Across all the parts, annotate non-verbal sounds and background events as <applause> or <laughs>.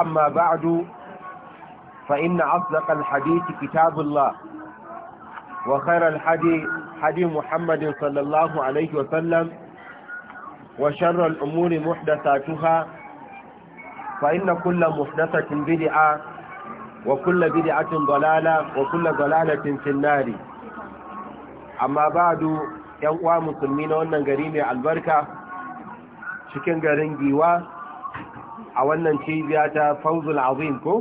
أما بعد فإن أصدق الحديث كتاب الله وخير الحدي حدي محمد صلى الله عليه وسلم وشر الأمور محدثاتها فإن كل محدثة بدعة وكل بدعة ضلالة وكل ضلالة في النار أما بعد يوم مسلمين وأن قريم البركة شكرا قرنجي وأن a wannan cibiya ta fauzul azim ko?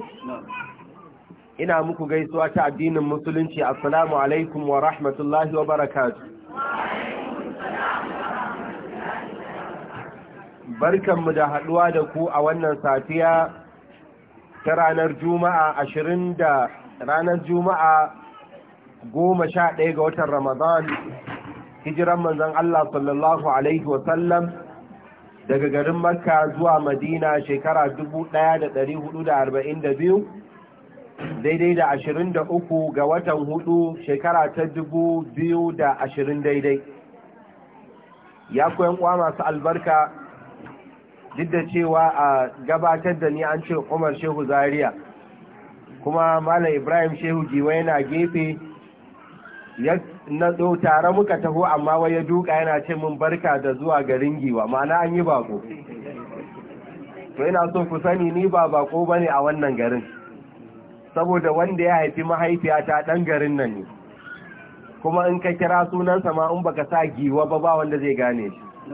ina muku gaisuwa ta addinin musulunci assalamu alaikum wa rahmatullahi wa barakatu barkanmu da haduwa da ku a wannan safiya ta ranar juma'a 20 da ranar juma'a goma sha ɗaya ga watan ramadan hijiran manzon Allah sallallahu alaihi wa sallam. daga garin makka zuwa madina shekara 1442 daidai da 23 ga watan hudu shekara ta 2020 daidai ya koyan kwa masu albarka duk da cewa a gabatar da ni an ce umar shehu zaria kuma malam ibrahim shehu jiwa yana gefe Ya tare muka taho amma wai ya duka yana ce mun barka da zuwa garin giwa ma'ana an yi bako to ina so ku sani ni ba bako bane a wannan garin saboda wanda ya haifi mahaifiyata dan garin nan ne kuma in ka kira sunansa ma in baka sa giwa ba ba wanda zai gane shi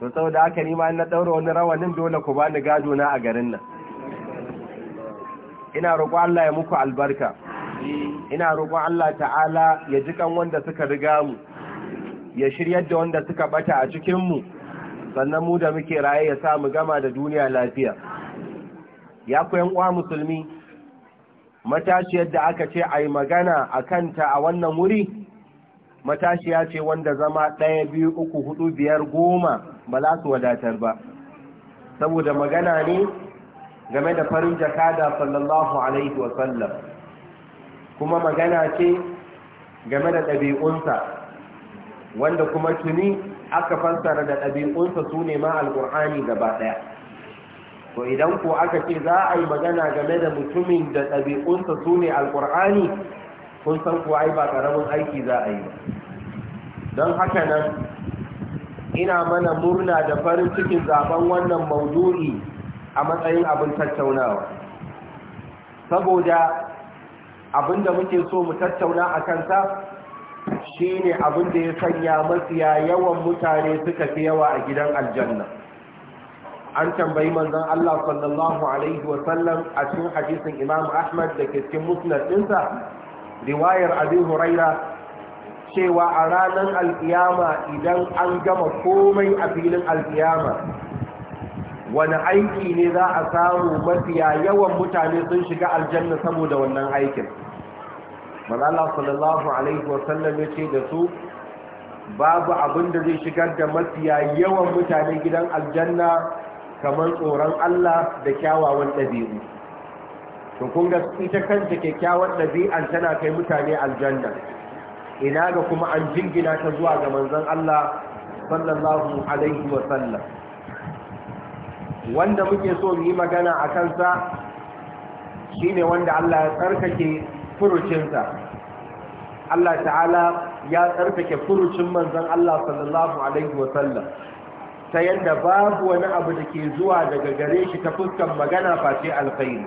to saboda haka ni ma na daura wani rawanin dole ku bani gado na a garin nan ina roƙo Allah ya muku albarka ina roƙon Allah ta'ala ya ji kan wanda suka riga mu ya shiryar da wanda suka bata a cikinmu sannan mu da muke raye ya sa mu gama da duniya lafiya ya ku uwa musulmi matashiyar da aka ce a yi magana a kanta a wannan wuri matashiya ce wanda zama ɗaya biyu uku hudu biyar goma ba za su wadatar ba saboda magana ne game da farin jakada sallallahu alaihi wasallam kuma magana ce game da ɗabi'unsa wanda kuma tuni aka fassara da ɗabi'unsa su ne ma alƙur'ani gaba ɗaya to idan ko aka ce za a yi magana game da mutumin da ɗabi'unsa su ne alƙur'ani kun san ko ai ba ƙaramin aiki za a yi don haka nan ina mana murna da farin cikin zaben wannan maudu'i a matsayin abin tattaunawa saboda abinda muke so mu tattauna a kansa shine abinda ya sanya masiya yawan mutane suka fi yawa a gidan aljanna an tambayi manzon Allah sallallahu alaihi a cikin hadisin Imam Ahmad da cikin musnad ɗinsa riwayar Abi Huraira cewa a ranar alkiyama idan an gama komai a filin alkiyama wani aiki ne za a samu mafiya yawan mutane sun shiga aljanna saboda wannan aikin manala sallallahu alaihi wasallam ya ce da su babu abinda da zai shigar da mafiya yawan mutane gidan aljanna kamar tsoron Allah da kyawawan ɗabi'u to kun ga ita kanta kyakkyawan ɗabi'an tana kai mutane aljanna ina ga kuma an jingina ta zuwa ga manzon Allah sallallahu alaihi wasallam wanda muke so mu yi magana a kansa shi ne wanda Allah ya tsarkake furucinsa Allah ta'ala ya tsarkake furucin manzan Allah sallallahu alaihi wa ta yadda babu wani abu da ke zuwa daga gare shi ta fuskan magana face alkhairu,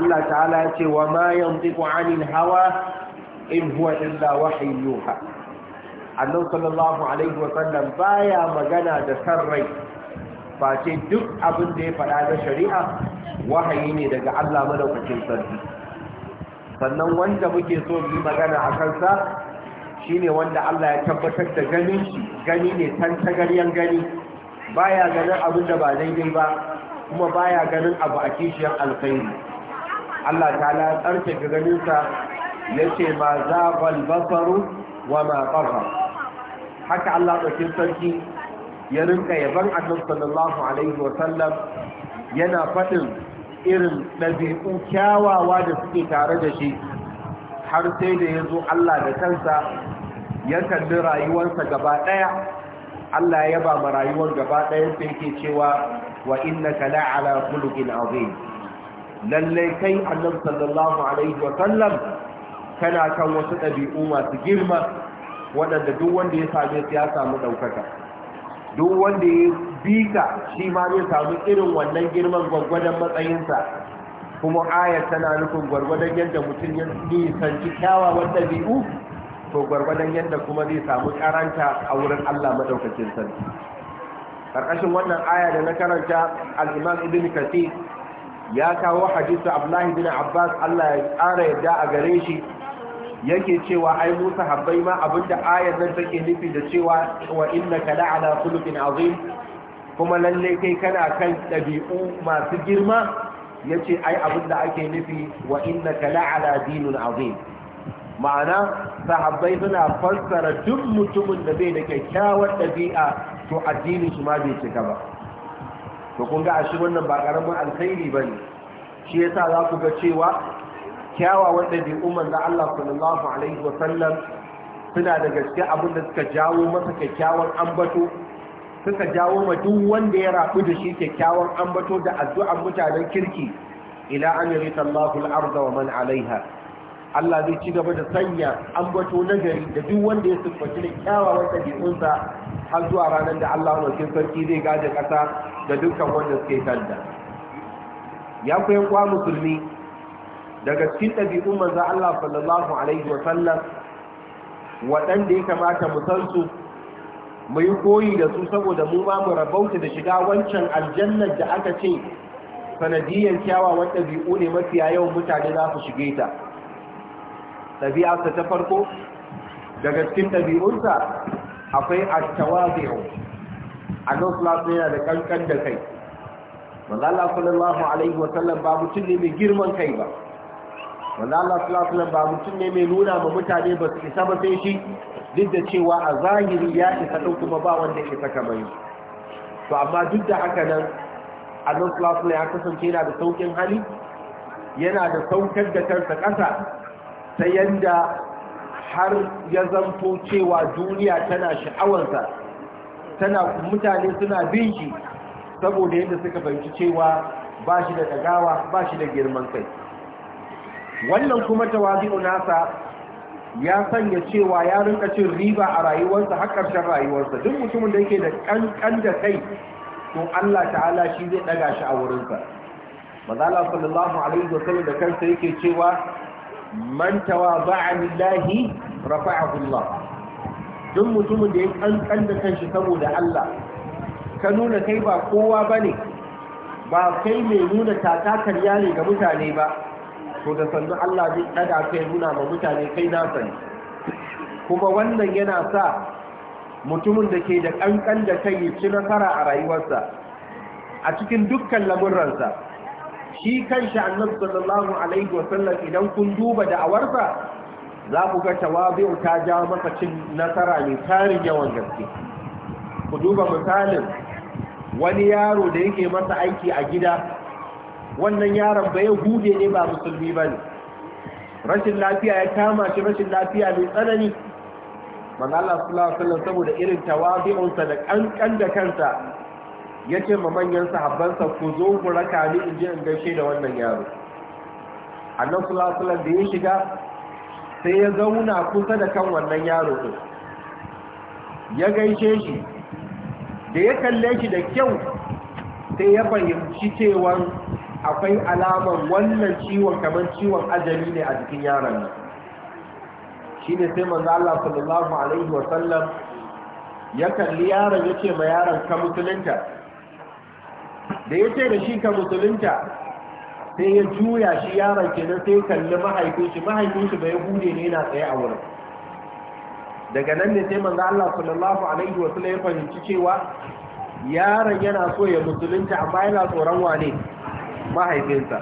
Allah ta'ala ya ce wa ma yantiqu 'anil hawa in huwa illa wahyu yuha annabi sallallahu alaihi wa sallam baya magana da sarrai face duk abin da ya faɗa da shari'a wahayi ne daga Allah madaukakin sarki sannan wanda muke so yi magana a kansa shine wanda Allah ya tabbatar da ganin shi gani ne tantagaryen gani baya ganin abin da ba daidai ba kuma baya ganin abu a kishiyar alkhairi Allah ta'ala ya tsarkake ganinsa ya ce ma za balbasaru wa ma haka Allah ɗaukin sarki ya rinka yaban annabi sallallahu alaihi wa sallam yana faɗin irin ɗabi'u kyawawa da suke tare da shi har sai da ya zo Allah da kansa ya kalli rayuwarsa gaba ɗaya Allah ya ba ma rayuwar gaba ɗaya sai ke cewa wa inna ka la'ala khuluqin azim lallai kai annabi sallallahu alaihi wa sallam kana kan wasu ɗabi'u masu girma waɗanda duk wanda ya same su ya samu ɗaukaka duk wanda ya bika shi ma zai samu irin wannan girman gwargwadon matsayinsa kuma ayar tana nufin gwargwadon yadda mutum ya nisanci kyawawan ɗabi'u to gwargwadon yadda kuma zai samu karanta a wurin Allah maɗaukacin sarki ƙarƙashin wannan aya da na karanta al-imam ibn kasir ya kawo hadisi abdullahi bin abbas Allah ya ƙara yadda a gare shi yake cewa ai musa habbai ma abinda ayar nan take nufi da cewa wa innaka la'ala khuluqin azim kuma lalle kai kana kan dabi'u masu girma yace ai abinda ake nufi wa innaka la'ala dinun azim ma'ana sahabbai suna fassara duk mutumin da bai da kyakkyawar dabi'a to addinin shi ma bai cika ba to kun ga ashe wannan ba karamin alkhairi bane shi yasa za ku ga cewa kyawawan ɗabi'u manzan Allah sallallahu alaihi wa suna da gaske abin da suka jawo masa kyakkyawan ambato suka jawo ma duk wanda ya rabu da shi kyakkyawan ambato da addu'ar mutanen kirki ila an yarita Allahu al-ardha wa man 'alayha Allah zai ci gaba da sanya ambato nagari da duk wanda ya siffanci da kyawawan ɗabi'unsa har zuwa ranar da Allah wakin sarki zai gaje ƙasa da dukkan wanda suke tanda. ya ku yan musulmi daga cikin ɗabi'un manza, Allah sallallahu alaihi wa sallam waɗanda ya kamata mu san su mu yi koyi da su saboda mu ma mu rabauta da shiga wancan aljannar da aka ce sanadiyyar kyawawan ɗabi'u ne mafi yawan mutane za su shige ta ɗabi'a ta farko daga cikin ɗabi'unsa akwai attawazi'u annabi sallallahu yana da kankan da kai Allah sallallahu alaihi wa sallam ba mutum ne mai girman kai ba wanda Allah sallallahu ba mutum ne mai nuna ma mutane ba su isa ba sai shi duk da cewa a zahiri ya isa ɗin kuma ba wanda isa kamar to amma duk da haka nan Allah sallallahu ya kasance yana da saukin hali yana da saukar da kansa ƙasa ta yanda har ya zanto cewa duniya tana sha'awarsa tana mutane suna bin shi saboda yadda suka fahimci cewa ba shi da ɗagawa ba shi da girman kai wannan kuma tawazi'u nasa ya sanya cewa ya rinka cin riba a rayuwarsa har ƙarshen rayuwarsa duk mutumin da yake da kankan da kai to Allah ta'ala shi zai daga shi a wurinsa mazala sallallahu alaihi wa sallam da kansa yake cewa man tawaza'a lillahi rafa'ahu Allah duk mutumin da ya kankan da kanshi saboda Allah ka nuna kai ba kowa bane ba kai mai nuna takatar yare ga mutane ba to da sannu Allah zai ɗaga kai nuna ma mutane kai na sani kuma wannan yana sa mutumin da ke da ƙanƙan da kai ci nasara a rayuwarsa a cikin dukkan lamurransa, shi kanshi annabi sallallahu alaihi wa sallam idan kun duba da'awarsa za ku ga tawabi'u ta ja masa cin nasara mai tarin yawan gaske ku duba misalin wani yaro da yake masa aiki a gida wannan yaron ba ya hude ne ba musulmi ba ne rashin lafiya ya kama shi rashin lafiya mai tsanani manala sallallahu saboda irin tawabi'unsa da kankan da kansa ya ce ma manyan sahabbansa ku zo ku raka ni in je in gaishe da wannan yaro annan sallallahu da ya shiga sai ya zauna kusa da kan wannan yaro din ya gaishe shi da ya kalle shi da kyau sai ya fahimci cewa akwai alaman wannan ciwon kamar ciwon ajali ne a jikin yaron nan shi ne sai manzo Allah sallallahu alaihi wa sallam ya kalli yaron ya ce ma yaron ka musulunta da ya ce da shi ka musulunta sai ya juya shi yaron kenan sai ya kalli mahaifin shi mahaifin shi bai hude ne yana tsaye a wurin daga nan ne sai manzo Allah sallallahu alaihi wa sallam ya fahimci cewa yaron yana so ya musulunta amma yana tsoron wane mahaifinsa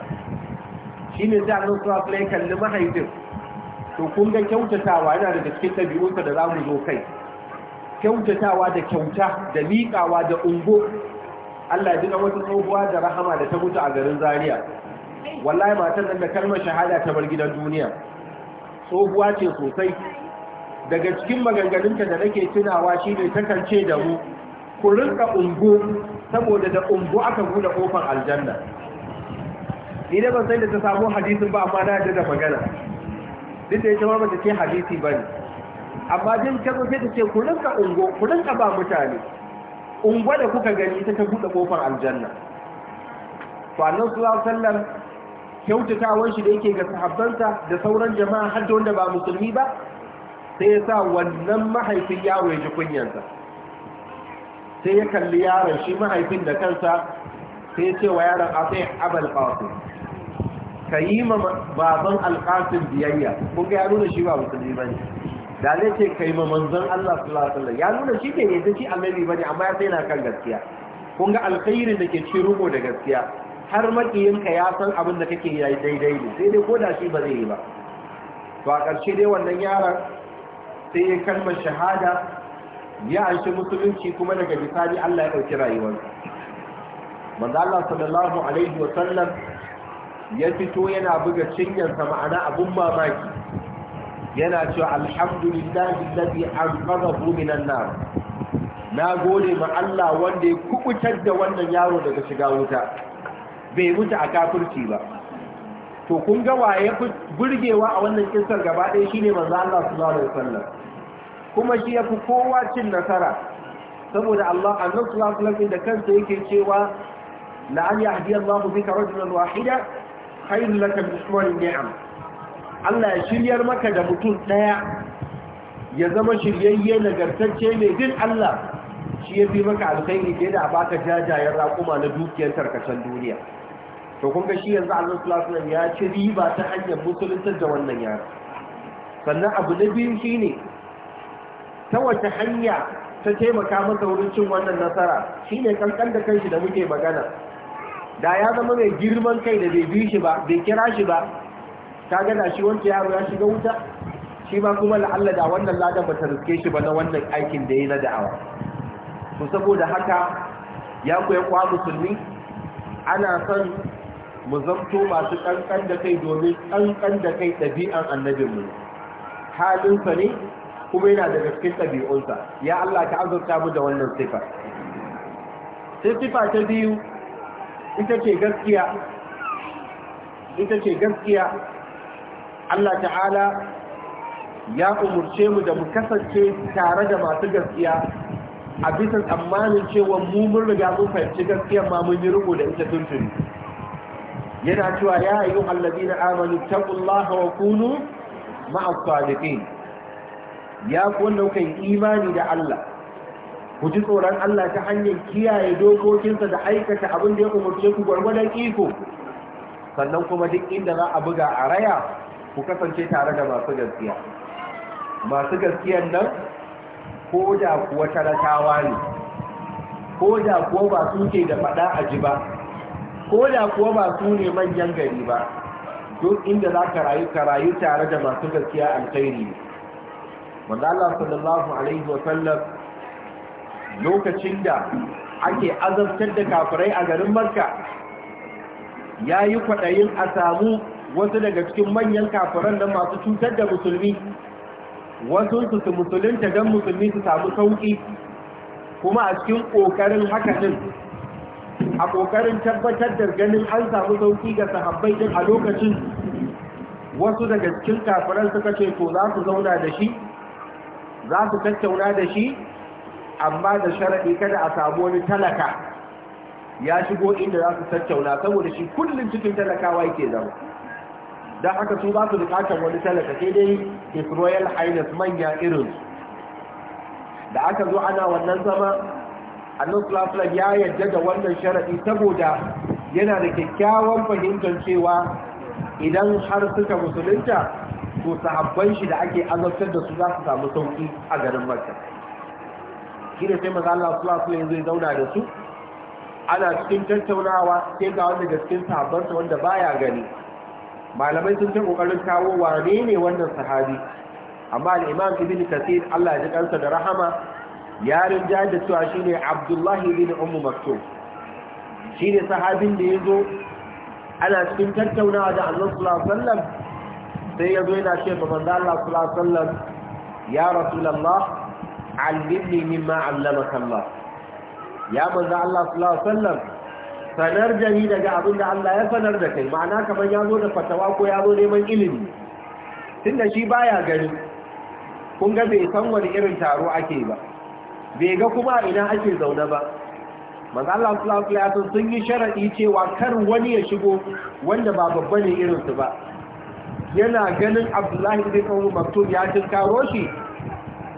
shi ne sai annan sura ya kalli mahaifin to kun ga kyautatawa yana da cikin ɗabi'unsa da za mu zo kai kyautatawa da kyauta da liƙawa da ungo Allah ya jina wata tsohuwa da rahama da ta mutu a garin Zariya. wallahi matan nan da kalmar shahada ta bar gidan duniya tsohuwa ce sosai daga cikin maganganunta da nake tunawa shine takan ce da mu ku rinka ungo saboda da ungo aka buɗe kofar aljanna ni da ban san da ta samu hadisin ba amma na yadda da magana duk da ya ma ba ta ce hadisi ba ne amma jin kazo sai ta ce ku rinka ungo ku rinka ba mutane ungo da kuka gani ta ta buɗe kofar aljanna to annabi sallallahu alaihi wasallam shi da yake ga sahabbansa da sauran jama'a har da wanda ba musulmi ba sai ya sa wannan mahaifin yawo ya ji kunyansa sai ya kalli yaron shi mahaifin da kansa sai ya ce wa yaron a sai abal qasim ka yi ma baban alƙasin biyayya kun ga ya nuna shi ba musulmi ba ne da zai ce ka yi ma manzon Allah sallallahu alaihi ya nuna shi ne, yadda shi annabi ba ne amma ya sai na kan gaskiya kun ga alkhairin da ke ci rubo da gaskiya har ka ya san abin da kake yi daidai ne sai dai ko da shi ba zai yi ba to a ƙarshe dai wannan yaron sai ya kalma shahada ya anshi musulunci kuma daga bisani Allah ya ɗauki rayuwarsa manzo Allah sallallahu alaihi wa sallam ya fito yana buga cinyarsa ma'ana abun mamaki yana cewa alhamdulillahi ladhi anqadhahu minan nar na gode ma Allah wanda ya kubutar da wannan yaro daga shiga wuta bai mutu a kafirci ba to kun ga waye burgewa a wannan kissar gaba ɗaya shine manzo Allah sallallahu alaihi wasallam kuma shi ya fi kowa cin nasara saboda Allah annabi sallallahu alaihi wasallam da kansa yake cewa la an yahdi allahu bika rajulan wahida khairun laka min suwar ni'am Allah ya shiryar maka da mutum daya ya zama shiryayye nagartacce ne din Allah shi ya fi maka alkhairi da yadda baka jajayen raƙuma na dukiyar tarkacen duniya to kun ga shi yanzu Allah sallallahu alaihi ya ci riba ta hanyar musulunta da wannan yaro sannan abu na biyu shine ta wace hanya ta taimaka masa wurin cin wannan nasara shine kankan da kanshi da muke magana da ya zama mai girman kai da bai bi shi ba bai kira shi ba ta gada shi wanke yaro ya shiga wuta shi ma kuma la'alla da wannan ladan ba ta riske shi ba na wannan aikin da ya yi na da'awa su saboda haka ya koya kwa musulmi ana son mu zamto masu kankan da kai domin kankan da kai ɗabi'an annabinmu halinsa ne kuma yana da cikin ɗabi'unsa ya Allah ka azurta mu da wannan sifa sai sifa ta biyu ita ce gaskiya Allah ta'ala ya umurce mu da mu kasance tare da masu gaskiya a bisa tsammanin cewa mu mun riga mun fahimci gaskiyar ma mun yi riko da ita tuntuni yana cewa ya ayyu na amanu taqullaha wa kunu ma'as sadiqin ya kuwa wanda imani da Allah ku ji tsoron Allah ta hanyar kiyaye dokokinsa da aikata abin da ya umarce ku gwargwadon iko sannan kuma duk inda za a buga a raya ku kasance tare da masu gaskiya masu gaskiyan nan ko da kuwa talakawa ne ko da kuwa ba su ke da faɗa a ji ba ko da kuwa ba su ne manyan gari ba duk inda za ka rayu ka rayu tare da masu gaskiya alkhairi ne wanda Allah sallallahu alaihi wa sallam lokacin da ake azabtar da kafirai a garin Makka ya yi kwaɗayin a samu wasu daga cikin manyan kafiran da masu cutar da musulmi wasu su su musulunta don musulmi su samu sauƙi kuma a cikin ƙoƙarin din, a ƙoƙarin tabbatar da ganin an samu sauƙi ga sahabbai din a lokacin wasu daga cikin kafiran suka ce to za su zauna da shi za su tattauna da shi amma da sharaɗi kada a samu wani talaka ya shigo inda za su tattauna saboda shi kullum cikin talakawa yake zama don haka su za su bukatar wani talaka sai dai his royal highness manya irin da aka zo ana wannan zama annan ya yadda da wannan sharaɗi saboda yana da kyakkyawan fahimtar cewa idan har suka musulunta to sahabban shi da ake azabtar da su za su samu sauƙi a garin makka shi ne sai maza Allah sallallahu alaihi wasallam zauna da su ana cikin tattaunawa sai ga wanda gaskin cikin sahabbansa wanda baya gani malamai sun ta kokarin kawo wane ne wannan sahabi amma al-Imam Ibn kasir Allah ya ji kansa da rahama ya rinja da cewa shine Abdullah ibn Umm Maktum shine sahabin da yazo ana cikin tattaunawa da Allah sallallahu alaihi wasallam sai yazo yana cewa manzo Allah sallallahu alaihi wasallam ya Rasulullah allimni mimma allamaka Allah ya manzo Allah sallallahu alaihi wasallam sanar da ni daga abinda Allah ya sanar da kai ma'ana kamar yazo zo da fatawa ko yazo neman ilimi tunda shi baya gani kun ga bai san wani irin taro ake ba bai ga kuma ina ake zaune ba manzo Allah sallallahu alaihi wasallam sun yi sharadi cewa kar wani ya shigo wanda ba babba ne irin su ba yana ganin Abdullahi bin Umar Maktum ya tinkaro shi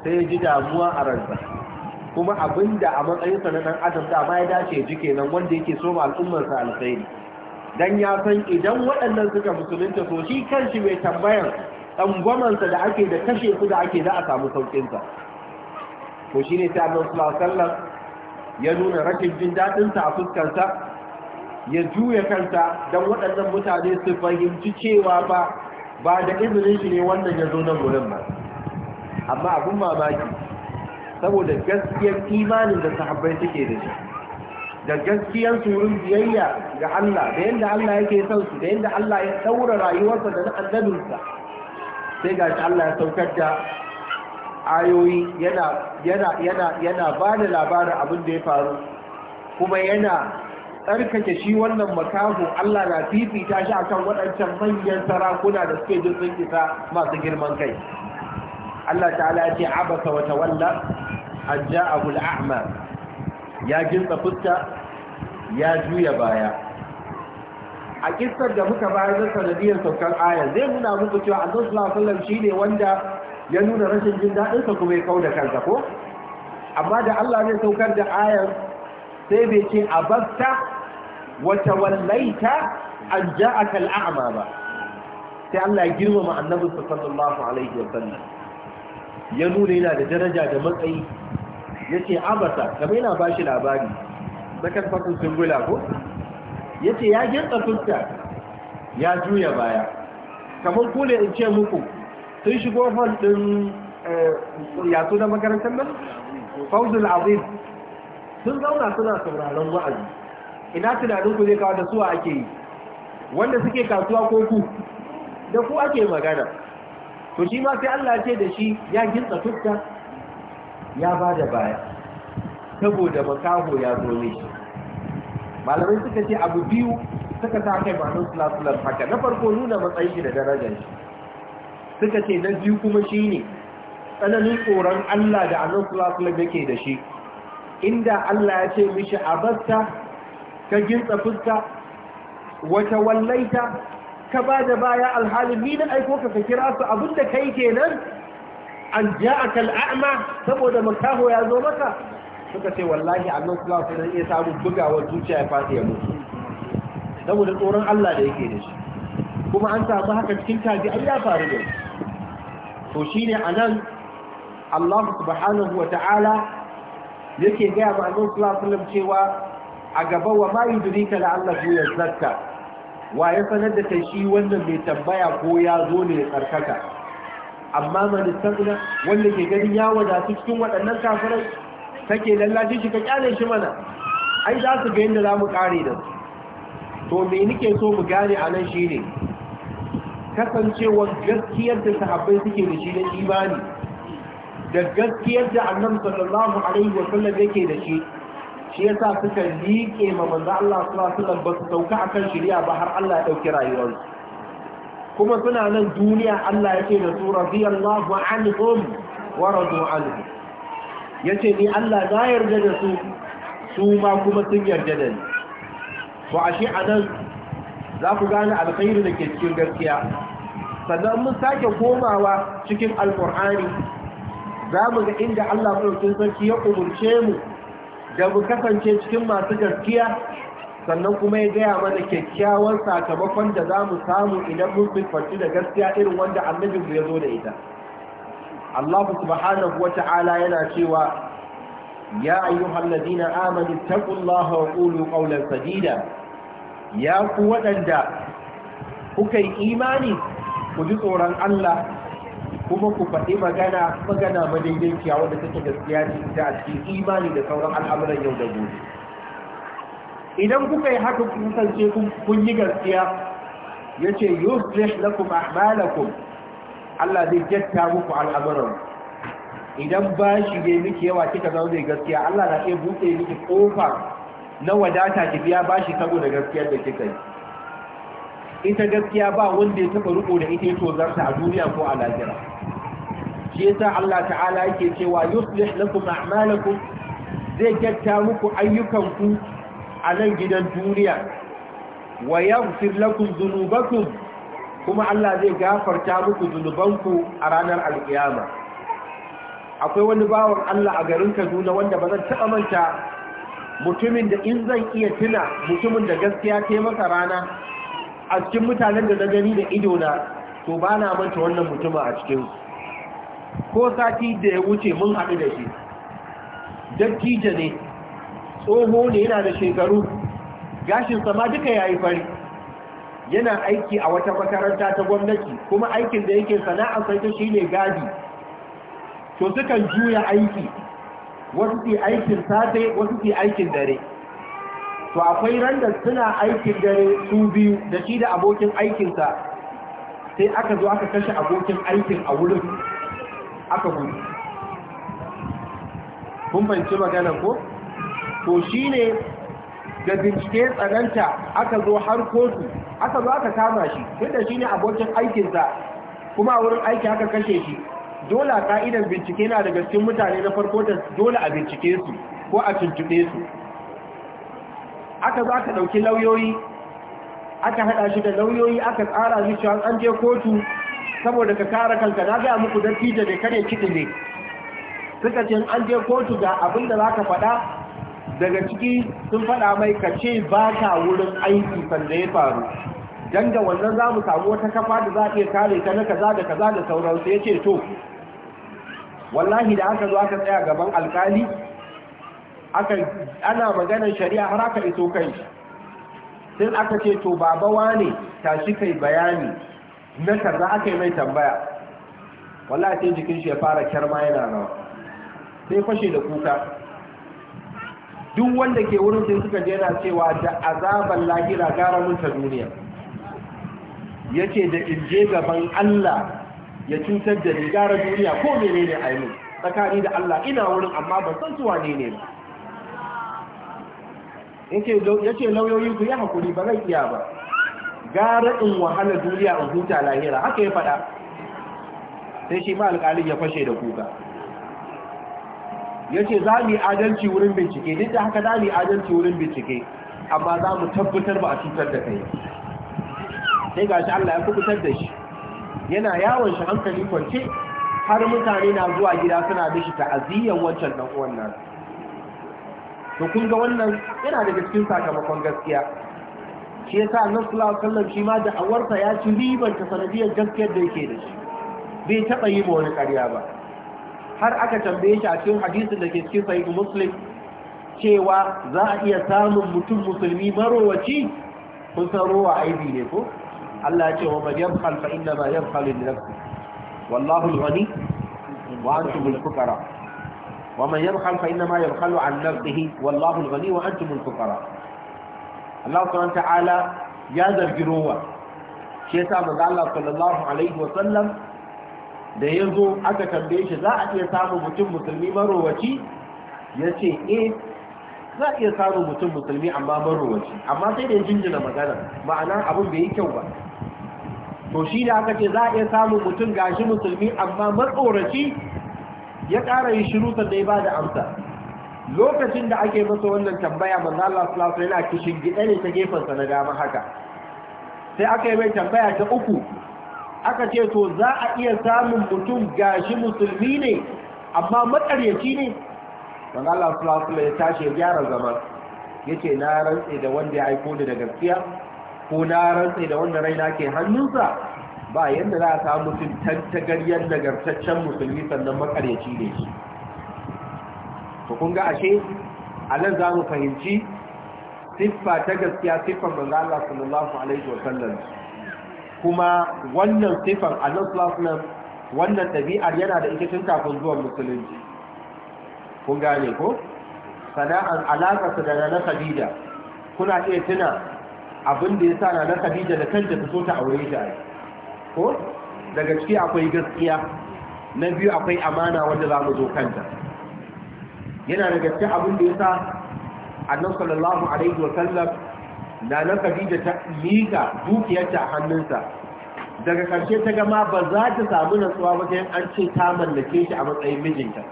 sai ya ji damuwa a ransa kuma abin da a matsayinsa na ɗan adam dama ya dace ji kenan wanda yake so ma al'ummarsa alkhairi dan ya san idan waɗannan suka musulunta to shi kanshi mai tambayan tsangwamansa da ake da kashe su da ake za a samu sauƙinsa to shi ne ta annan ya nuna rashin jin daɗinsa a fuskarsa ya juya kansa don waɗannan mutane su fahimci cewa ba ba da izinin shi ne wannan ya zo nan wurin ba amma abun mamaki saboda gaskiyar imanin da sahabbai suke da shi da gaskiyar surun biyayya ga Allah da yadda Allah yake son su da yadda Allah ya daura rayuwarsa da na annabinsa sai ga shi Allah ya saukar da ayoyi yana yana yana yana ba da labarin abin da ya faru kuma yana tsarkake shi wannan makaho Allah na fifita shi akan waɗancan manyan sarakuna da suke jin sun isa masu girman kai Allah ta'ala ya ce abasa wa tawalla an ja'ahu al'a'ma ya jinsa fuska ya juya baya a kissar da muka bayar da sanadiyar saukar aya zai nuna muku cewa annabi sallallahu alaihi wasallam shine wanda ya nuna rashin jin dadin sa kuma ya kauda kansa ko amma da Allah zai saukar da ayar sai bai ce abasta wa tawallaita an ja'aka al'a'ma ba sai Allah ya girmama annabi sallallahu alaihi wasallam ya nuna yana da daraja da matsayi ya ce abasa kama yana ba shi labari zakar fakun singula ko ya ce ya girka fuska ya juya baya kamar kule in ce muku sun shigo hall ɗin eh, yaso na makarantar nan fauzul azim sun zauna suna sauraron wa'azi ina tunanin ku zai kawo da suwa ake yi wanda suke kasuwa ko ku da ku ake magana to shi ma sai Allah ce da shi ya gintsa ya ba da baya saboda makaho ya zo ne malamai suka ce abu biyu suka sa kai ma'anin sulasulan haka na farko nuna matsayin shi da darajar shi suka ce na biyu kuma shi ne tsananin tsoron Allah da annan sulasulan yake da shi inda Allah ya ce mishi abasta ka gintsa fuska wata wallaita ka ba da baya alhalin ni na aiko ka ka kira su abin da kai kenan an kan al'a'ma saboda makaho ya zo maka suka ce wallahi Allah sallallahu alaihi wasallam ya bugawar zuciya ya fadi ya mutu saboda tsoron Allah da yake da shi kuma an samu haka cikin tabi an ya faru da to shine anan Allah subhanahu wa ta'ala yake gaya ya ma'anar sallallahu alaihi wasallam cewa a gaba wa ma yudrika la Allah ya zakka wa ya sanar da kai shi wannan mai tambaya ko ya zo ne tsarkaka amma manistabila wanda ke ganin ya wadatu cikin waɗannan kafirai take lallace shi ka kyale shi mana ai za su ga yadda za kare da to me nike so mu gane a nan shi ne kasancewar gaskiyar da sahabbai suke da shi na imani da gaskiyar da annabi sallallahu alaihi wasallam yake da shi shi sa suka liƙe ma manzan Allah su rasu ba su sauka a kan shirya ba har Allah ya dauki rayuwarsu kuma suna nan duniya Allah ya ce da su radiyallahu anhum wa radu Ya ce ni Allah na yarda da su su ma kuma sun yarda da ni Ba a shi a nan? za ku gane alkhairu da ke cikin gaskiya sannan mun sake komawa cikin Alƙur'ani. za mu ga inda Allah madaukakin sarki ya umurce mu da mu kasance cikin masu gaskiya sannan kuma ya gaya mana kyakkyawan sakamakon da za mu samu idan mun sifanci da gaskiya irin wanda annabinmu ya zo da ita Allah subhanahu ta'ala yana cewa ya ayyuhal ladina amanu taqullaha wa qulu qawlan sadida ya ku waɗanda kuka yi imani ku ji tsoron Allah kuma ku faɗi magana magana madaidaiciya wanda take gaskiya ce ta a cikin imani da sauran al'amuran yau da gobe idan kuka yi haka kun kasance kun yi gaskiya yace yuslih lakum a'malakum Allah zai jatta muku al'amuran idan bashi shi ne miki yawa kika zama mai gaskiya Allah na iya buɗe miki kofa na wadata ki biya bashi saboda gaskiyar da kika yi ita gaskiya ba wanda ya taba riko da ita ya tozarta a duniya ko a lahira shi yasa Allah ta'ala yake cewa yuslih lakum a'malakum zai gatta muku ayyukan ku a nan gidan duniya wa yaghfir lakum dhunubakum kuma Allah zai gafarta muku ku a ranar alkiyama akwai wani bawon Allah a garin Kaduna wanda ba zan taɓa manta mutumin da in zan iya tuna mutumin da gaskiya ta masa rana a cikin mutanen da na gani da idona to ba na manta wannan mutumin a cikinsu ko sati da ya wuce mun haɗu da shi dattijo ne tsoho ne yana da shekaru gashin sama duka ya yi fari yana aiki a wata makaranta ta gwamnati kuma aikin da yake sana'a sai shi ne gadi to sukan juya aiki wasu ke aikin safe wasu ke aikin dare to akwai randa suna aikin dare su biyu da shi da abokin aikinsa sai aka zo aka kashe abokin aikin a wurin aka gudu kun magana ko Ko shi ne da bincike tsananta aka zo har kotu aka zo aka kama shi shi ne abokin aikinsa kuma a wurin aiki aka kashe shi dole a ka'idar bincike na daga cikin mutane na farko da dole a bincike su ko a tuntube su aka zo aka ɗauki lauyoyi aka haɗa shi da lauyoyi aka tsara shi an je kotu saboda ka kare kanka na gaya muku dattijo da kare kiɗi ne suka ce an je kotu ga abin da za ka faɗa daga ciki sun faɗa mai ka ce ba ka wurin aiki sanda ya faru don da wannan za mu samu wata kafa da za a iya kare ta na kaza da kaza da sauransu ya ce to wallahi da aka zo aka tsaya gaban alkali ana maganar shari'a har aka iso kai sai aka ce to babawa ne tashi kai bayani na karza aka yi mai tambaya wallahi sai jikin shi ya fara kyarma yana nawa sai fashe da kuka duk wanda ke wurin sai suka je yana cewa da azaban lahira gara mun ta duniya yace da in je gaban Allah ya cutar da ni gara duniya ko menene a yi tsakani da Allah ina wurin amma ban san su wane ne ba yace yace ku ya hakuri ba zan iya ba gara in wahala duniya in huta lahira haka ya faɗa sai shi ma alƙalin ya fashe da kuka ya ce za mu yi adalci wurin bincike duk da haka za mu yi adalci wurin bincike amma za mu tabbatar ba a cutar da kai sai ga shi Allah ya kubutar da shi yana yawon shi hankali kwance har mutane na zuwa gida suna da shi ta'aziyyar wancan dan uwan nan to kun ga wannan yana daga cikin sakamakon gaskiya shi sa annabi sallallahu alaihi wasallam shi ma da awarsa ya ci riban ta sanadiyar gaskiyar da yake da shi bai taɓa yi ba wani ƙarya ba har aka tambaye shi a cikin hadisin da ke cikin sahih muslim cewa za a iya samun mutum musulmi marowaci kun san rowa aibi ne ko Allah ya ce wa man yabkhal fa inna ma yabkhalu li nafsi wallahu ghani wa antum al-fuqara wa man yabkhal fa inna ma yabkhalu an nafsihi wallahu al-ghani wa antum al-fuqara Allah subhanahu ta'ala ya zargi rowa shi yasa manzo Allah sallallahu alaihi wasallam da ya zo aka tambaye shi za a iya samu mutum musulmi marowaci ce eh za a iya samu mutum musulmi amma marowaci amma sai da ya jinjina magana ma'ana abin bai yi kyau ba to shi da aka ce za a iya samun mutum gashi musulmi amma matsoraci ya ƙara yi shiru sannan ya ba da amsa lokacin da ake masa wannan tambaya manzo Allah sallallahu alaihi wasallam kishin gida ne ta gefen sa na dama haka sai aka yi mai tambaya ta uku aka ce to za a iya samun mutum gashi musulmi ne amma makaryaci ne manzo Allah sallallahu alaihi wasallam ya tashi ya gyara zaman yace na rantse da wanda ya aiko ni da gaskiya ko na rantse da wanda raina ke hannunsa ba yanda za a samu mutum tantagaryen nagartaccen musulmi sannan makaryaci ne shi to kun ga ashe a nan za mu fahimci siffa ta gaskiya siffar manzan Allah sallallahu alaihi wasallam kuma wannan siffar a nan sallallahu wannan ɗabi'ar yana da ita tun kafin zuwan musulunci kun gane ko sana'an alaƙa da na Khadija kuna iya tuna abin da ya sa na Khadija da kanta ta so ta aure ta ko daga ciki akwai gaskiya na biyu akwai amana wanda za mu zo kanta yana da gaske abin da ya sa annan sallallahu alaihi wa sallam na na khadija ta miƙa dukiyarta a hannunsa daga karshe ta gama ba za ta samu nasuwa ba sai an ce ta mallake shi a matsayin mijinta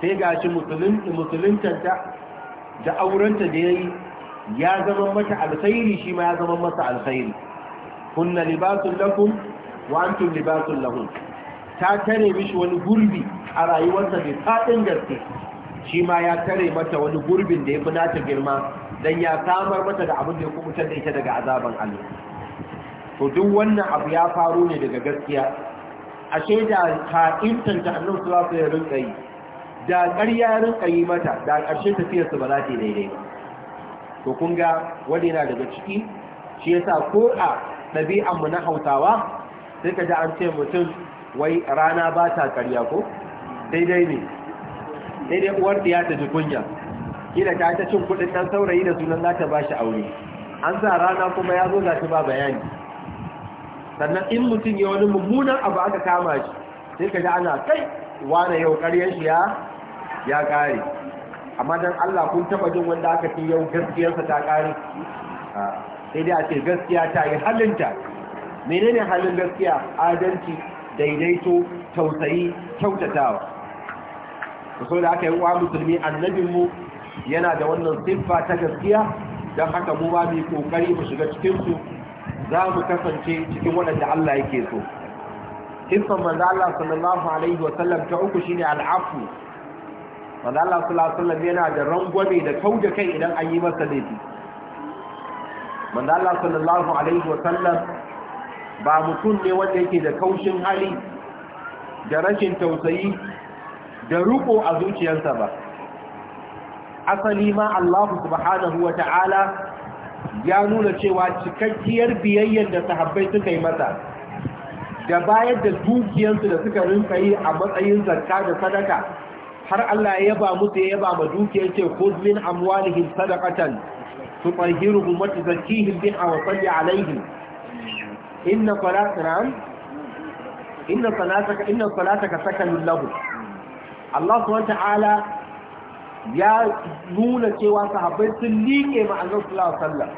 sai ga shi musuluntanta da aurenta da ya yi ya zama mata alkhairi shi ma ya zama masa alkhairi kunna libasun lakum wa antum libasun lahum ta tare mishi wani gurbi a rayuwarsa da fadin gaske shi ma ya tare mata wani gurbin da ya fi nata girma don ya samar mata da abin da ya kuma da ita daga azaban Allah to duk wannan abu ya faru ne daga gaskiya a shaida ka intanta su sallallahu ya rinka yi da ƙarya rinka yi mata da ƙarshen tafiyar su ba za ta daidai ba to kun ga wani yana daga ciki shi ya sa ko a ɗabi'an mu na Hausawa sai ka ji an ce mutum wai rana ba ta ƙarya ko daidai ne sai dai uwar ɗiya ta ji kunya kila ta ta cin kuɗin ɗan saurayi da sunan za ta ba shi aure an sa rana kuma ya zo za ta ba bayani sannan in mutum ya wani mummunan abu aka kama shi sai ka ji ana kai wane yau ƙaryar shi ya ƙare amma don Allah kun taɓa jin wanda aka fi yau gaskiyarsa ta ƙare sai dai a ce gaskiya ta yi halinta menene halin gaskiya adalci daidaito tausayi kyautatawa so da aka yi wa musulmi annabin mu yana da wannan siffa ta gaskiya don haka mu ma mu kokari mu shiga cikinsu, za mu kasance cikin waɗanda Allah yake so Hissan manzo Allah sallallahu alaihi wa sallam ta uku shine al'afu manzo Allah sallallahu alaihi wa sallam yana da rangwame da kauda kai idan an yi masa laifi manzo Allah sallallahu alaihi wa sallam ba mutum ne wanda yake da kaushin hali da rashin tausayi da ruko a zuciyarsa ba asali ma Allah subhanahu wa ta'ala ya nuna cewa cikakkiyar biyayyar da sahabbai suka yi masa da bayar da dukiyarsu da suka rinka yi a matsayin zakka da sadaka har Allah ya yaba musu ya yaba ma dukiyar ce khudh min amwalihim sadaqatan tutahhiruhum wa tuzakkihim biha wa salli alaihim inna salataka inna salataka inna salataka sakanun lahum Allah subhanahu ta'ala ya nuna cewa sahabbai sun liƙe ma annabi sallallahu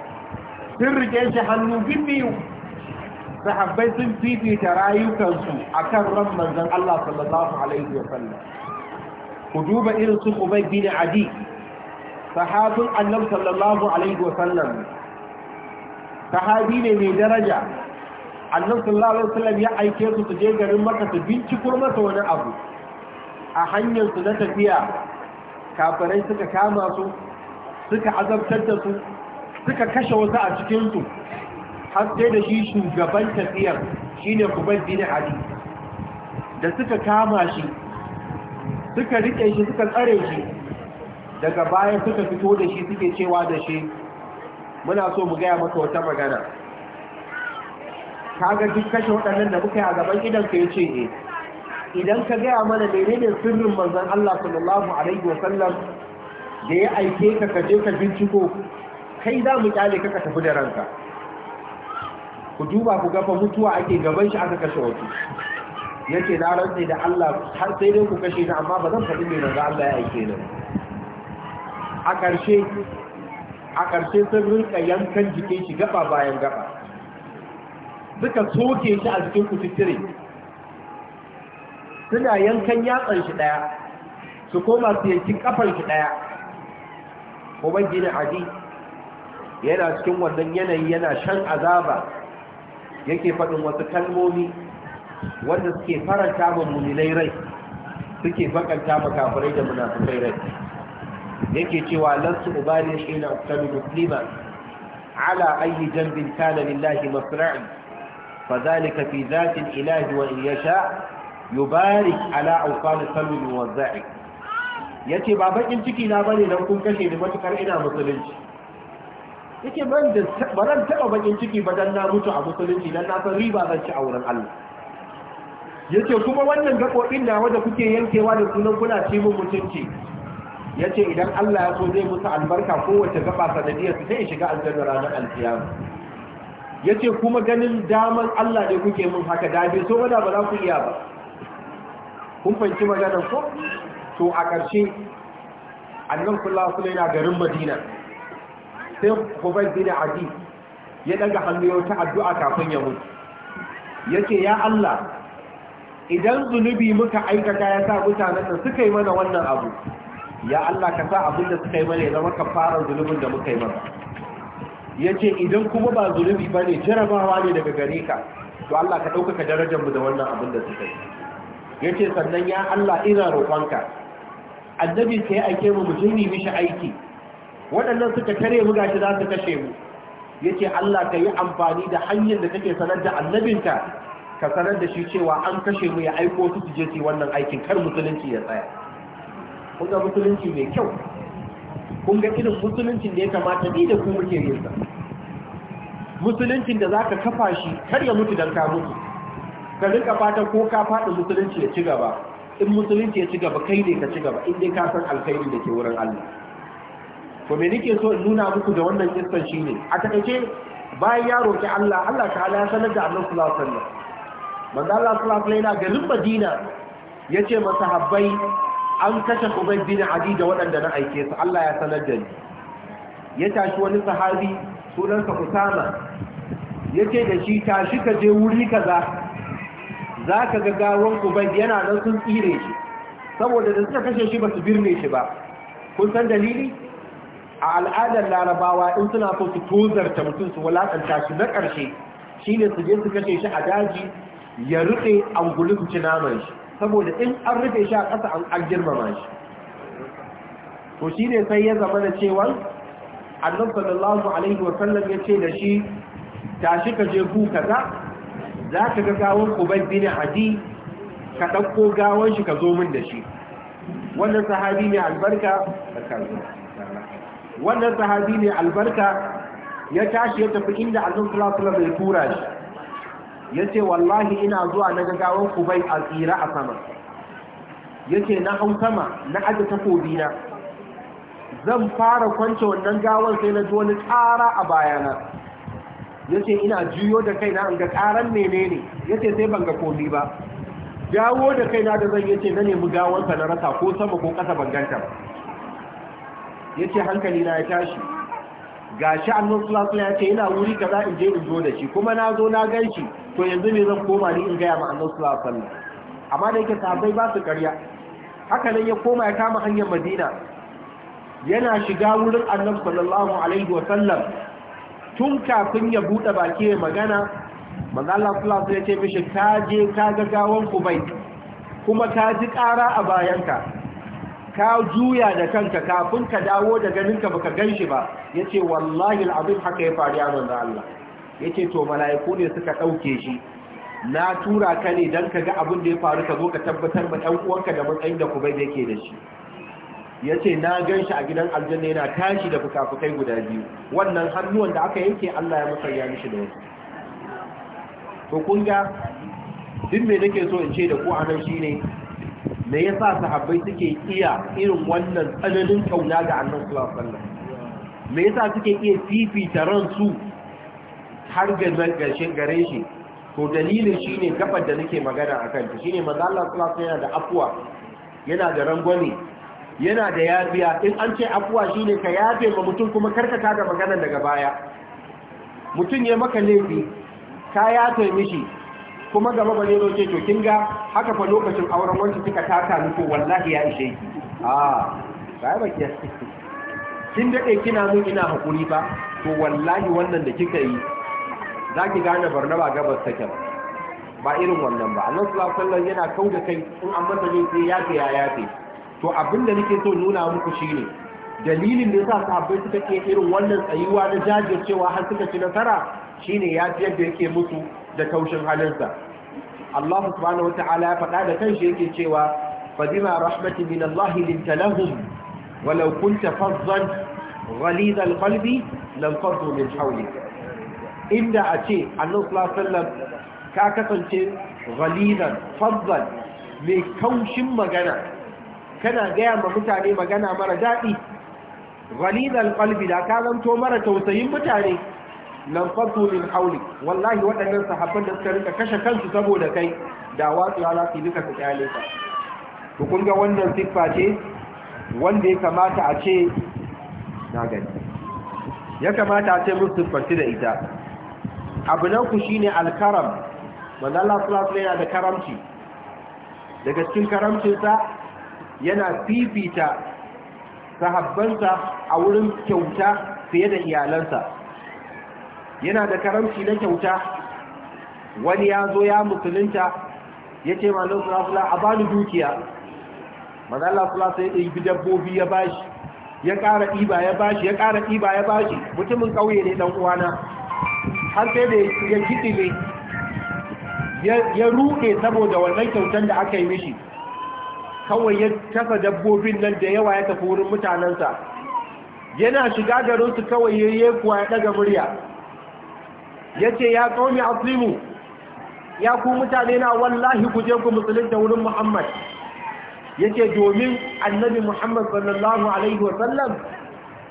sun rike shi hannu bin bibiyu sahabbai sun fifita rayukansu akan ran manzon Allah sallallahu alaihi wasallam ku duba irin su Ubay bin Adi sahabin annabi sallallahu alaihi wasallam sahabi ne mai daraja annabi sallallahu alaihi wasallam ya aike su su je garin Makka su binciko masa wani abu a hanyar su na tafiya kafirai suka kama su suka azabtar da su suka kashe wasu a cikinsu har sai da shi shugaban tafiyar shine kubai bin ali da suka kama shi suka rike shi suka tsare shi daga baya suka fito da shi suke cewa da shi muna so mu gaya maka wata magana kaga duk kashe waɗannan da muka yi a gaban idan ka yace eh idan ka gaya mana menene sirrin manzon Allah sallallahu alaihi wa sallam da ya aike ka ka je ka binciko kai za mu kyale ka ka tafi da ranka ku duba ku gafa mutuwa ake gaban shi aka kashe wasu yace na rantsa da Allah har sai dai ku kashe ni amma ba zan faɗi me manzon Allah ya aike ni a karshe a karshe sun rinka yankan jikin shi gaba bayan gaba suka soke shi a cikin kututture suna yankan yatsan shi ɗaya su koma su yankin kafan shi ɗaya ubangiji adi yana cikin wannan yanayi yana shan azaba yake faɗin wasu kalmomi wanda suke faranta ma muminai rai suke bakanta ma kafirai da munafukai rai yake cewa lansu ubali ina uktalu muslima ala ayi jambin kana lillahi masra'i فذلك في ilahi الإله وإن يشاء yubarik ala awqal salmin wa Ya yace ba bakin ciki na bane dan kun kashe ni matukar ina musulunci yake ban da baran taba bakin ciki ba dan na mutu a musulunci dan na san riba zan ci a wurin Allah yace kuma wannan gaɓoɓin na wanda kuke yankewa da sunan kuna ci mun mutunci yace idan Allah ya so zai musu albarka kowace gaba sanadiyar su zai shiga aljanna ranar alkiyama yace kuma ganin daman Allah ne kuke mun haka da so wanda ba za ku iya ba kun fahimci maganar ko to a ƙarshe annan kula su na garin madina sai kubai zina adi ya daga hannu ta addu'a kafin ya mutu yace ya Allah idan zunubi muka aikata ya sa mutanen da suka yi mana wannan abu ya Allah ka sa abin da suka yi mana ya zama kafarar zunubin da muka yi mana yace idan kuma ba zunubi ba bane jarabawa ne daga gare ka to Allah ka ɗaukaka darajar mu da wannan abin da suka yi ya ce sannan ya Allah ina roƙonka annabi sai ake mu mutum yi mishi aiki waɗannan suka tare mu gashi za su kashe mu ya ce Allah ka yi amfani da hanyar da kake sanar da annabinka ka sanar da shi cewa an kashe mu ya aiko su su je su wannan aikin kar musulunci ya tsaya kun ga musulunci mai kyau kun ga irin musuluncin da ya kamata ni da ku muke yin sa musuluncin da zaka kafa shi kar ya mutu dan ka mutu ka rika fata ko ka fada musulunci ya ci gaba in musulunci ya ci gaba kai ne ka ci gaba in dai ka san alkhairi da ke wurin Allah to me nake so in nuna muku da wannan kissan shine a takaice bayan ya roki Allah Allah ta'ala ya sanar da Annabi sallallahu alaihi wasallam manzo Allah sallallahu alaihi wasallam garin Madina yace masahabbai an kashe Ubay bin Adi da waɗanda na aike su Allah ya sanar da ni ya tashi wani sahabi sunansa Usama yace da shi tashi ka je wuri kaza za ka ga gawon ubai yana nan sun tsire shi saboda da suka kashe shi ba su birne shi ba kun san dalili a al'adar larabawa in suna so su tozarta mutum su walakanta shi na ƙarshe shi ne su je su kashe shi a daji ya rufe an guli naman shi saboda in an rufe shi a ƙasa an girmama shi to shi ne sai ya zama da cewa annabi sallallahu alaihi wa sallam ya ce da shi tashi ka je ku kaza za ka ga gawon uban bin adi ka ɗauko gawon shi ka zo min da shi wannan sahabi ne albarka wannan sahabi ne albarka ya tashi ya tafi inda annabi sallallahu mai ya tura shi ce wallahi ina zuwa na gawon kubai a tsira a sama Ya ce na hau sama na aji takobi na zan fara kwance wannan gawar sai na ji wani tsara a bayana yace ina juyo da kaina in ga karan menene yace sai ban ga komi ba jawo da kaina da zan yace na nemi gawansa na rasa ko sama ko kasa ban ganta ba hankali na ya tashi gashi annabi sallallahu ya ce ina wuri za in je in zo da shi kuma na zo na ganshi to yanzu ne zan koma ni in gaya ma annabi sallallahu amma da yake sahabbai ba su ƙarya haka nan ya koma ya kama hanyar Madina yana shiga wurin annabi sallallahu alaihi wasallam tun kafin ya bude baki ya magana manzo Allah sallallahu alaihi wasallam ya ce mishi ka je ka ga gawan kubai kuma ka ji kara a bayanka ka juya da kanka kafin ka dawo da ganinka baka gan shi ba yace wallahi alazim haka ya faru ya manzo Allah yace to mala'iku ne suka dauke shi na tura ka ne dan ka ga abin da ya faru ka zo ka tabbatar ma ɗan uwanka da matsayin da ku kubai yake da shi ya ce na gan shi a gidan aljanna yana tashi da fukafukai guda biyu wannan hannuwan da aka yanke Allah ya ya mishi da wasu to kun ga duk me nake so in ce da ku anan shine me yasa sahabbai suke iya irin wannan tsananin kauna ga Annabi sallallahu alaihi wasallam me yasa suke iya fifita ransu har ga gashin gare shi to dalilin shine gabar da nake magana akan shi shine manzo Allah sallallahu alaihi wasallam yana da afwa yana da rangwame yana da yafiya in an ce afuwa shine ka yafe ma mutum kuma karkata da magana daga baya mutum ya maka laifi ka yafe mishi kuma gaba ba zai zo to kinga haka fa lokacin auren wancan kika taka ni to wallahi ya ishe ki a ba ba ki kin dade kina mun ina hakuri ba to wallahi wannan da kika yi zaki gane Barnaba gabas take ba ba irin wannan ba Allah subhanahu wa ta'ala yana kauda kai in amma da zai ya ya yafe to abin da nake so nuna muku shine dalilin da yasa sahabbai suka ke irin wannan tsayuwa na jajircewa har suka ci nasara shine ya fi yadda yake musu da taushin halinsa Allah subhanahu wataala ya faɗa da kanshi yake cewa fadima rahmatin min Allah linta lahum walau kunta fazzan ghalidha alqalbi lam faddu min hawlik inda a ce Allah sallallahu alaihi ka kasance ghalidan fazzan mai kaushin magana kana gaya ma mutane magana mara daɗi ghalidal qalbi da ka zanto mara tausayin mutane lan fatu min hauli wallahi waɗannan sahabban da suka rika kashe kansu saboda kai da wasu ala su duka su kyale ka to kun ga wannan siffa ce wanda ya kamata a ce na gani ya kamata a ce mun siffanci da ita abu nan ku shine alkaram manzo Allah sallallahu alaihi yana da karamci daga cikin karamcinsa yana fifita sahabbansa a wurin kyauta fiye da iyalansa yana da karamci na kyauta wani ya zo ya musulunta ya ce malon sulafula a bani dukiya mazala sulasa ya ɗaibi dabbobi ya bashi ya ƙara ɗiba ya bashi ya ƙara ɗiba ya bashi mutumin ƙauye ne ɗan uwana har sai da ya kiɗi ya ruɗe saboda wannan kyautar da aka yi mishi kawai ya kasa dabbobin nan da yawa ya tafi wurin mutanensa yana shiga da rusu kawai ya yi kuwa ya ɗaga murya ya ce ya tsomi aslimu ya ku mutane na wallahi ku je ku da wurin muhammad ya ce domin annabi muhammad sallallahu alaihi wasallam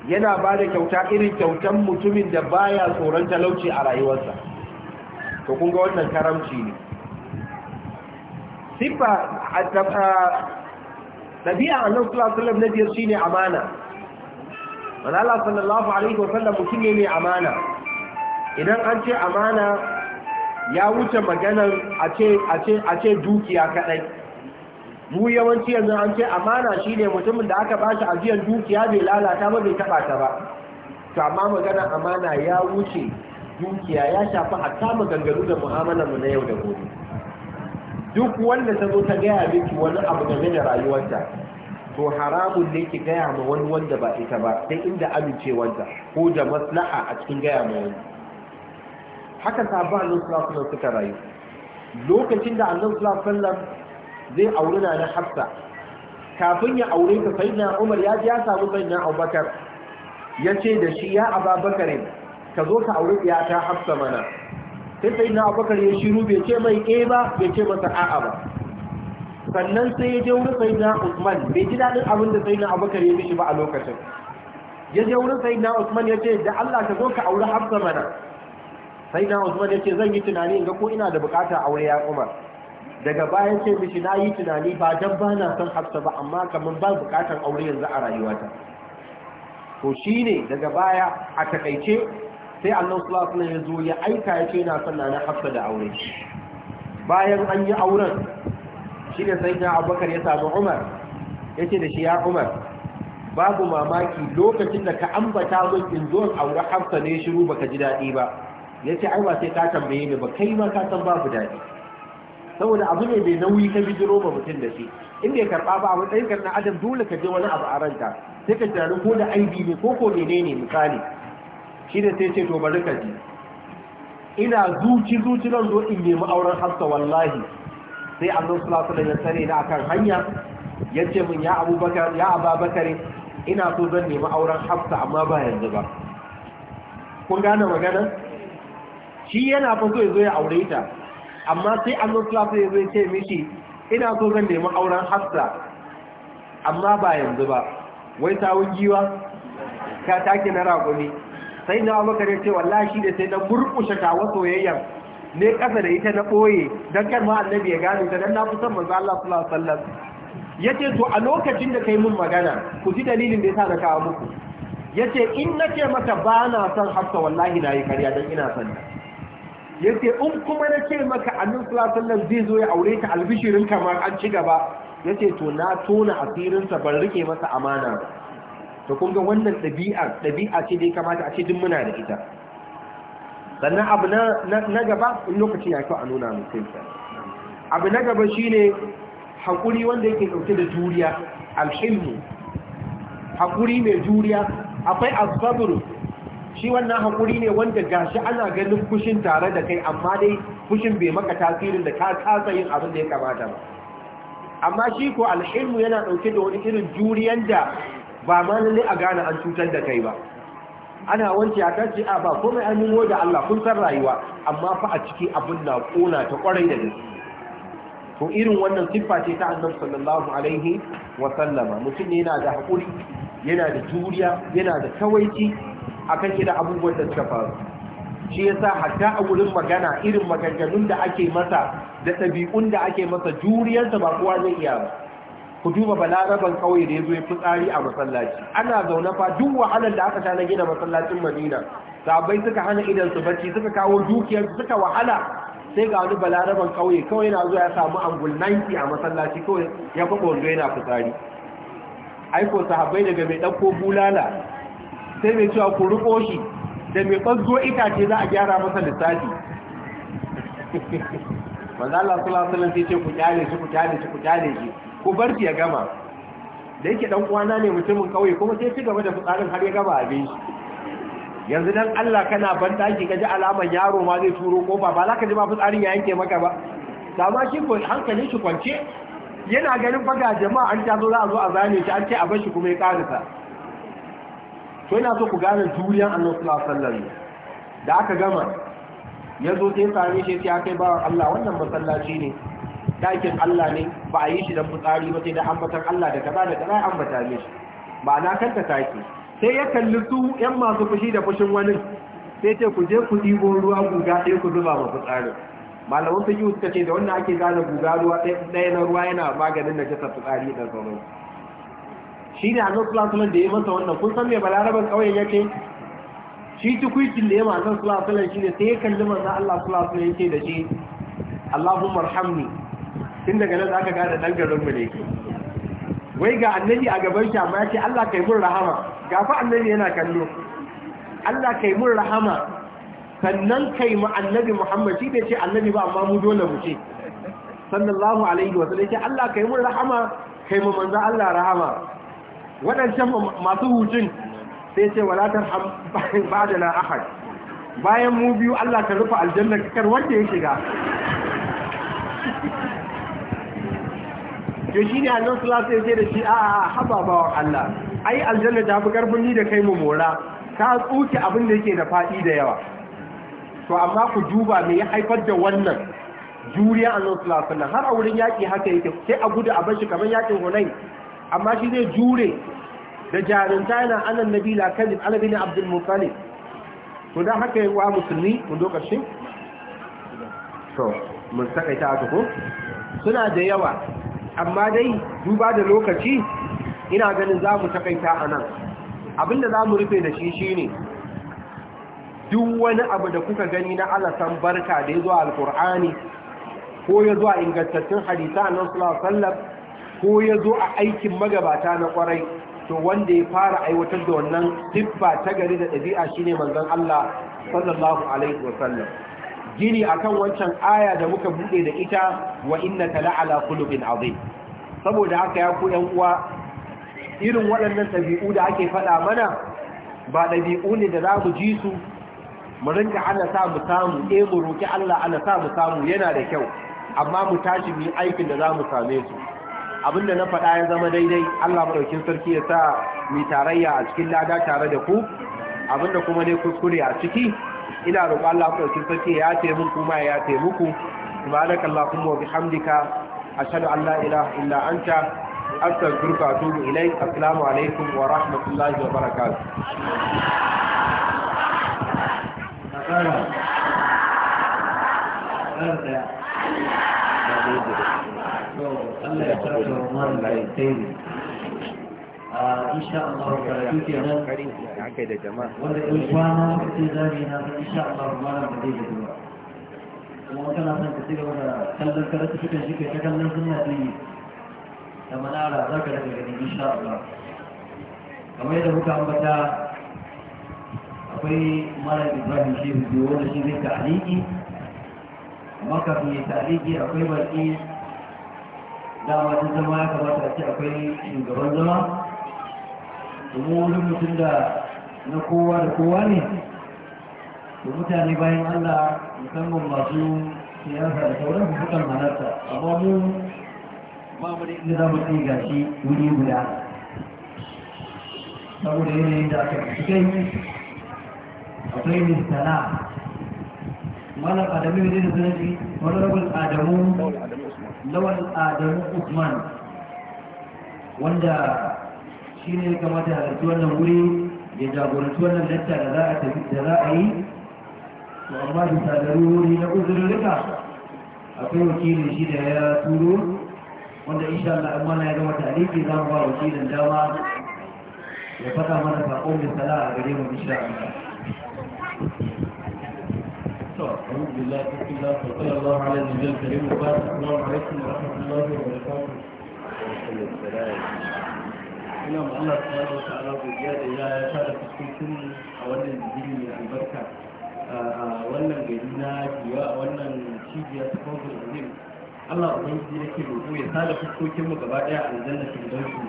yana ba da kyauta irin kyautan mutumin da baya tsoron talauci a rayuwarsa to kun ga wannan karamci ne siffa nan annan sulasulam na biyar shine amana manala sallallahu alaihi wasallam mutum ne mai amana idan an ce amana ya wuce maganar a ce dukiya kaɗai mu yawanci yanzu an ce amana shi ne mutumin da aka bashi ajiyar dukiya bai lalata ba bai taba ta ba to amma maganar amana ya wuce dukiya ya shafi hatta maganganu da mu'amalar mu na yau da gobe duk wanda ta zo ta gaya miki wani abu game da rayuwarta to haramun ne ki gaya ma wani wanda ba ita ba sai inda amincewarta ko da maslaha a cikin gaya ma wani haka sabanin sulasulan suka rayu lokacin da annan sulasulan zai auri na hafsa kafin ya aure ta sai na umar ya ji ya samu sai na abubakar ya ce da shi ya ababakar ka zo ka auri ta hafsa mana sai sai na abubakar ya shiru bai ce mai eh ba bai ce masa a'a ba sannan sai ya je sai na usman bai ji daɗin abin da sai na abubakar ya mishi ba a lokacin ya je sai na usman ya ce da allah ka zo ka auri hafsa mana sai na usman ya ce zan yi tunani in ga ko ina da bukata aure ya umar daga baya ce mishi na yi tunani ba dan ba na son hafsa ba amma kamar ba bukatar aure yanzu a rayuwata to shine daga baya a takaice sai annan sulasuna ya zo ya aika ya ce na sanna na hafsa da aure bayan an yi auren shi ne sai na abubakar ya samu umar ya ce da shi ya umar babu mamaki lokacin da ka ambata min in zo in aure hafsa ne shiru baka ji daɗi ba ya ce aiwa sai ka tambaye ni ba kai ma ka san babu daɗi saboda abu ne mai nauyi ka bi ma mutum da shi in bai karɓa ba abu ɗayan na adam dole ka je wani abu a ranta. sai ka tunanin ko da aibi ne ko ko menene misali shi da sai ce to bari ka ji ina zuci zuci nan zo in nemi auren hafsa wallahi sai annabi sulasa da wasallam ya tare ni akan hanya yace min ya abubakar ya ababakar ina so zan nemi auren hafsa amma ba yanzu ba kun gane magana shi yana fa so ya zo ya aure ta amma sai annabi sulasa ya zo ya ce mishi ina so zan nemi auren hafsa amma ba yanzu ba wai sawun giwa ka take na raguni sai na abubakar ya ce wallahi shi da sai na murkushe kawo soyayyar ne kasa da ita na ɓoye don kar ma annabi ya gani ta don na fi son manzo Allah sallallahu alaihi wasallam yace to a lokacin da kai mun magana ku ji dalilin da yasa na kawo muku yace in nake maka ba na son hafsa wallahi na yi karya don ina son yace in kuma nake maka annabi sallallahu alaihi wasallam zai zo ya aure ta albishirin kamar an ci gaba yace to na tona asirinsa ban rike masa amana ba to kun ga wannan ɗabi'a ɗabi'a ce da ya kamata a ce duk muna da ita sannan abu na gaba in lokaci ya kyau a nuna mu sai abu na gaba shine hakuri wanda yake ɗauke da juriya alhilmu hakuri mai juriya akwai asabru shi wannan hakuri ne wanda gashi ana ganin fushin tare da kai amma dai kushin bai maka tasirin da ka kasa yin abin da ya kamata ba amma shi ko alhilmu yana ɗauke da wani irin juriyan da ba ma lalle a gane an cutar da kai ba ana wanke a kan ce a ba komai an nemo da Allah kun san rayuwa amma fa a ciki abin na kona ta kwarai da gaske to irin wannan siffa ce ta annabi sallallahu alaihi wa sallama mutum ne yana da hakuri yana da juriya yana da kawaici akan irin abubuwan da suka faru shi yasa hatta a wurin magana irin maganganun da ake masa da ɗabi'un da ake masa juriyarsa ba kowa zai iya ba ku duba balaraban kauye da ya zo ya fitsari a masallaci ana zaune fa duk wahalar da aka tana gina masallacin madina sabai suka hana idan su bacci suka kawo dukiyar suka wahala sai ga wani balaraban kauye kawai yana zuwa ya samu angul 90 a masallaci kawai ya fi wando yana fitsari aiko sahabbai daga mai ɗauko bulala sai mai cewa ku riko shi da mai ɓazgo itace za a gyara masa lissafi <laughs> manzo Allah sallallahu sai ce ku kyale shi ku kyale shi ku kyale shi ku bar ya gama da yake dan uwana ne mutumin kauye kuma sai ci gaba da fitsarin har ya gama abin shi yanzu dan Allah kana ban daki kaji alaman yaro ma zai turo kofa ba za ka ji ma fitsarin ya yanke maka ba dama shi ko hankalin shi kwance yana ganin faga jama'a an ta zo za a zo a zane shi an ce a bar shi kuma ya karisa to ina so ku gane juriya Allah sallallahu alaihi wasallam da aka gama ya zo sai same shi ya kai ba Allah wannan masallaci ne Dakin Allah ne ba a yi shi da fitsari ba sai da ambatan Allah da kaza da kaza ya ambata ne shi ba na kanta ta take sai ya kalli su yan masu fushi da fushin wani sai ce ku je ku ɗibo ruwa guga sai ku zuba ma fitsarin malaman fiqh suka ce da wannan ake gane guga ruwa ɗaya na ruwa yana maganin da kasa fitsari da sauran shi ne annabi sallallahu alaihi da ya masa wannan kun san me balaraban kauyen yake shi tukuicin da ya masa sallallahu alaihi ne sai ya kalli manzo Allah sallallahu alaihi yake da shi Allahumma arhamni tun daga nan aka gane dan garin mu ne ke wai ga annabi a gaban shi amma ce Allah kai mun rahama ga fa annabi yana kallo Allah kai mun rahama sannan kai mu annabi Muhammad shi bai ce annabi ba amma mu dole mu ce sallallahu alaihi wa sallam ce Allah kai mun rahama kai mu manzo Allah rahama wadancan masu hutun sai ce wala tarham ba'dana ahad bayan mu biyu Allah ka rufe aljanna kar wanda ya shiga to shi ne annan salatu ya ce da shi a haba bawan Allah ai aljanna ta fi karfin ni da kai mu mora ka tsoke abin da yake da faɗi da yawa to amma ku duba me ya haifar da wannan juriya annan salatu nan har a wurin yaƙi haka yake sai a gudu a bashi kamar yaƙin hunai amma shi zai jure da jarinta yana annan nabi la alabi na abdul mutalib to dan haka yawa wa musulmi mun lokacin to mun sakaita aka ko suna da yawa amma dai duba da lokaci ina ganin za mu takaita a nan abinda za mu rufe da shi shi ne duk wani abu da kuka gani na alasan barka da ya zo alkur'ani ko ya zuwa ingantattun hadisa a nan ko ya zo a aikin magabata na kwarai to wanda ya fara aiwatar da wannan siffa ta gari da ɗabi'a shine manzon Allah sallallahu alaihi wasallam gini akan wancan aya da muka bude da ita wa innaka la'ala khuluqin azim saboda haka ya ku yan uwa irin waɗannan ɗabi'u da ake faɗa mana ba ɗabi'u ne da za mu ji su mu rinka ana sa mu samu eh mu roki Allah ana sa mu samu yana da kyau amma mu tashi mu yi aikin da za mu same su Abin da na faɗa ya zama daidai Allah madaukin sarki ya sa mu tarayya a cikin lada tare da ku abinda kuma ne kuskure a ciki ina roƙo Allah ku ɗauki sake ya ce mun kuma ya ce muku subhanaka allahumma wa bihamdika ashhadu an la ilaha illa anta astaghfiruka wa atubu ilaik assalamu alaikum wa rahmatullahi wa barakatuh Allah ya tsara wa mallai insha Allah karatu kenan akai da jama'a wanda in kwana zai ba kuma kana son ka cigaba da kallon shi kai ta kallon da manara za ka daga Allah kamar yadda akwai malam Ibrahim Shehu biyu wanda shi zai ta'aliki amma kafin ya ta'aliki akwai baki dama ta zama ya kamata ce akwai shugaban zama Kuma wani mutum da na kowa da kowa ne da mutane bayan allah musamman masu siyasa da sauran su sukan halarta amma mu ba mu da inda za mu tsaye gashi wuri guda saboda yanayin da aka fi kai akwai mai mana adamu ne da sanarci wani rabin adamu lawal adamu usman wanda shi ne ya kamata halarci wannan wuri ya jagoranci wannan latta da za a tafi da za a yi to amma bisa da wuri na uzurrika akwai wakilin shi da ya turo wanda insha Allah amma na ya gama taliki za mu ba wakilin dama ya faɗa mana saƙon misala a gare mu insha Allah الحمد لله بسم الله وصلى الله على النبي الكريم وبارك السلام عليكم ورحمه الله وبركاته. ina mu Allah subhanahu wa ta'ala godiya da ya ya fara fuskokin a wannan jiri mai albarka a wannan gari na jiya a wannan cibiya ta kofar azim Allah ubangiji ke roƙo ya sada fuskokin mu gaba daya a aljanna ta dauki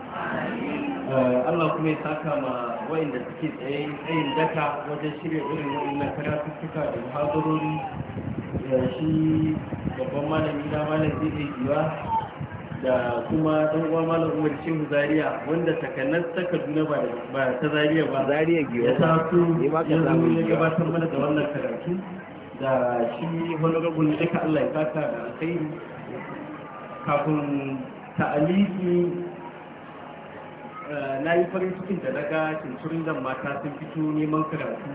Allah kuma ya saka ma wayanda suke tsaye tsayin daka wajen shirya irin wannan karatuttuka da muhadarori shi babban malami na malam zai iya da kuma ɗan uwa malam umar shehu Zariya, wanda takanas ta kaduna ba ta Zariya ba zariya giyo ya taso ya ya gabatar mana da wannan karatu da shi honorable ne duka allah ya baka da kai kafin ta'aliki eh, na yi farin cikin da daga cinturin da mata sun fito neman karatu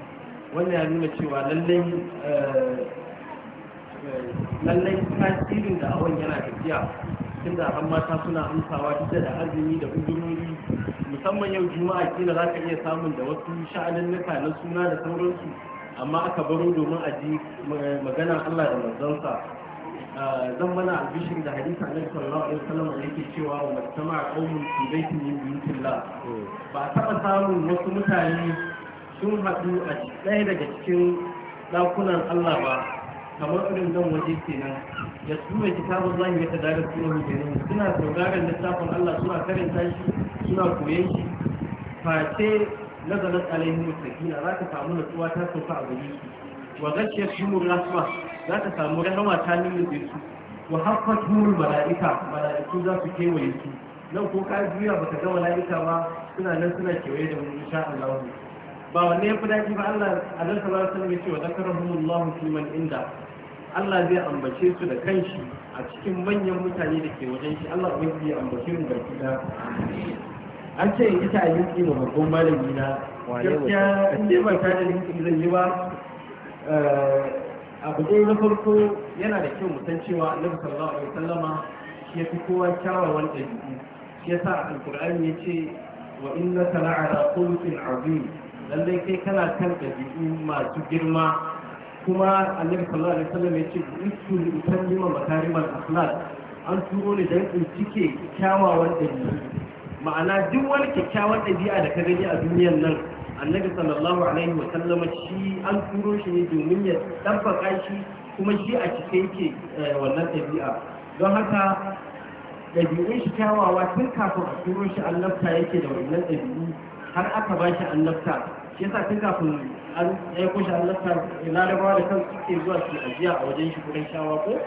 wannan ya nuna cewa lallai eh, eh, lallai tasirin da awon yana tafiya tunda an mata suna amsawa duk da azumi da hujjoji musamman yau juma'a kila za ka iya samun da wasu sha'anannuka na suna da sauransu amma aka baro domin a ji maganar Allah da manzansa ah, zan mana albishir da hadisa na sallallahu alaihi wasallam da yake cewa wa mastama qaumun fi baitin min buyutillah ba taba samun wasu mutane sun haɗu a ɗaya daga cikin ɗakunan Allah ba kamar irin zan waje kenan ya tura kitabun zan ya tada da suna hujjani suna sauraron littafin Allah suna karanta shi suna koyon shi face nazarin alaihi mutakina za ka samu nutsuwa ta sauka a gari su wa gashiyar shumur rasuwa za ka samu rahama ta lullube su wa haffat humul mala'ika mala'iku za su kewaye su nan ko ka juya ka ga mala'ika ba suna nan suna kewaye da mu insha Allah ba wanne ya fi daɗi ba Allah a nan sallallahu alaihi wasallam ya ce wa zakarahumullahu fi man inda Allah zai ambace su da kanshi a cikin manyan mutane da ke wajen shi Allah ubangiji ya ambace mu da kida an ce in ita a yi ma babban malami na gaskiya in dai ba ta da linki zan yi ba eh, A ɗaya na farko yana da kyau musan cewa annabi sallallahu alaihi wasallama shi ya fi kowa kyawawan ɗabi'u shi yasa alqur'ani ya ce wa inna sala'ala khuluqin azim lallai kai kana kan ɗabi'u masu girma kuma annabi sallallahu alaihi wasallam yace isu li utallima makarimal akhlaq an turo ne dan in cike kyawawan dabi'u ma'ana duk wani kyakkyawan dabi'a da ka gani a duniyar nan annabi sallallahu alaihi wasallam shi an turo shi ne domin ya tabbaka shi kuma shi a cike yake eh, wannan dabi'a don haka ɗabi'un shi kyawawa tun kafin a turo shi annabta yake da wannan ɗabi'u, har aka ba shi annabta shi yasa tun kafin an ya kushe halittar larabawa da kan suke zuwa su ajiya a wajen shi kudin shawa ko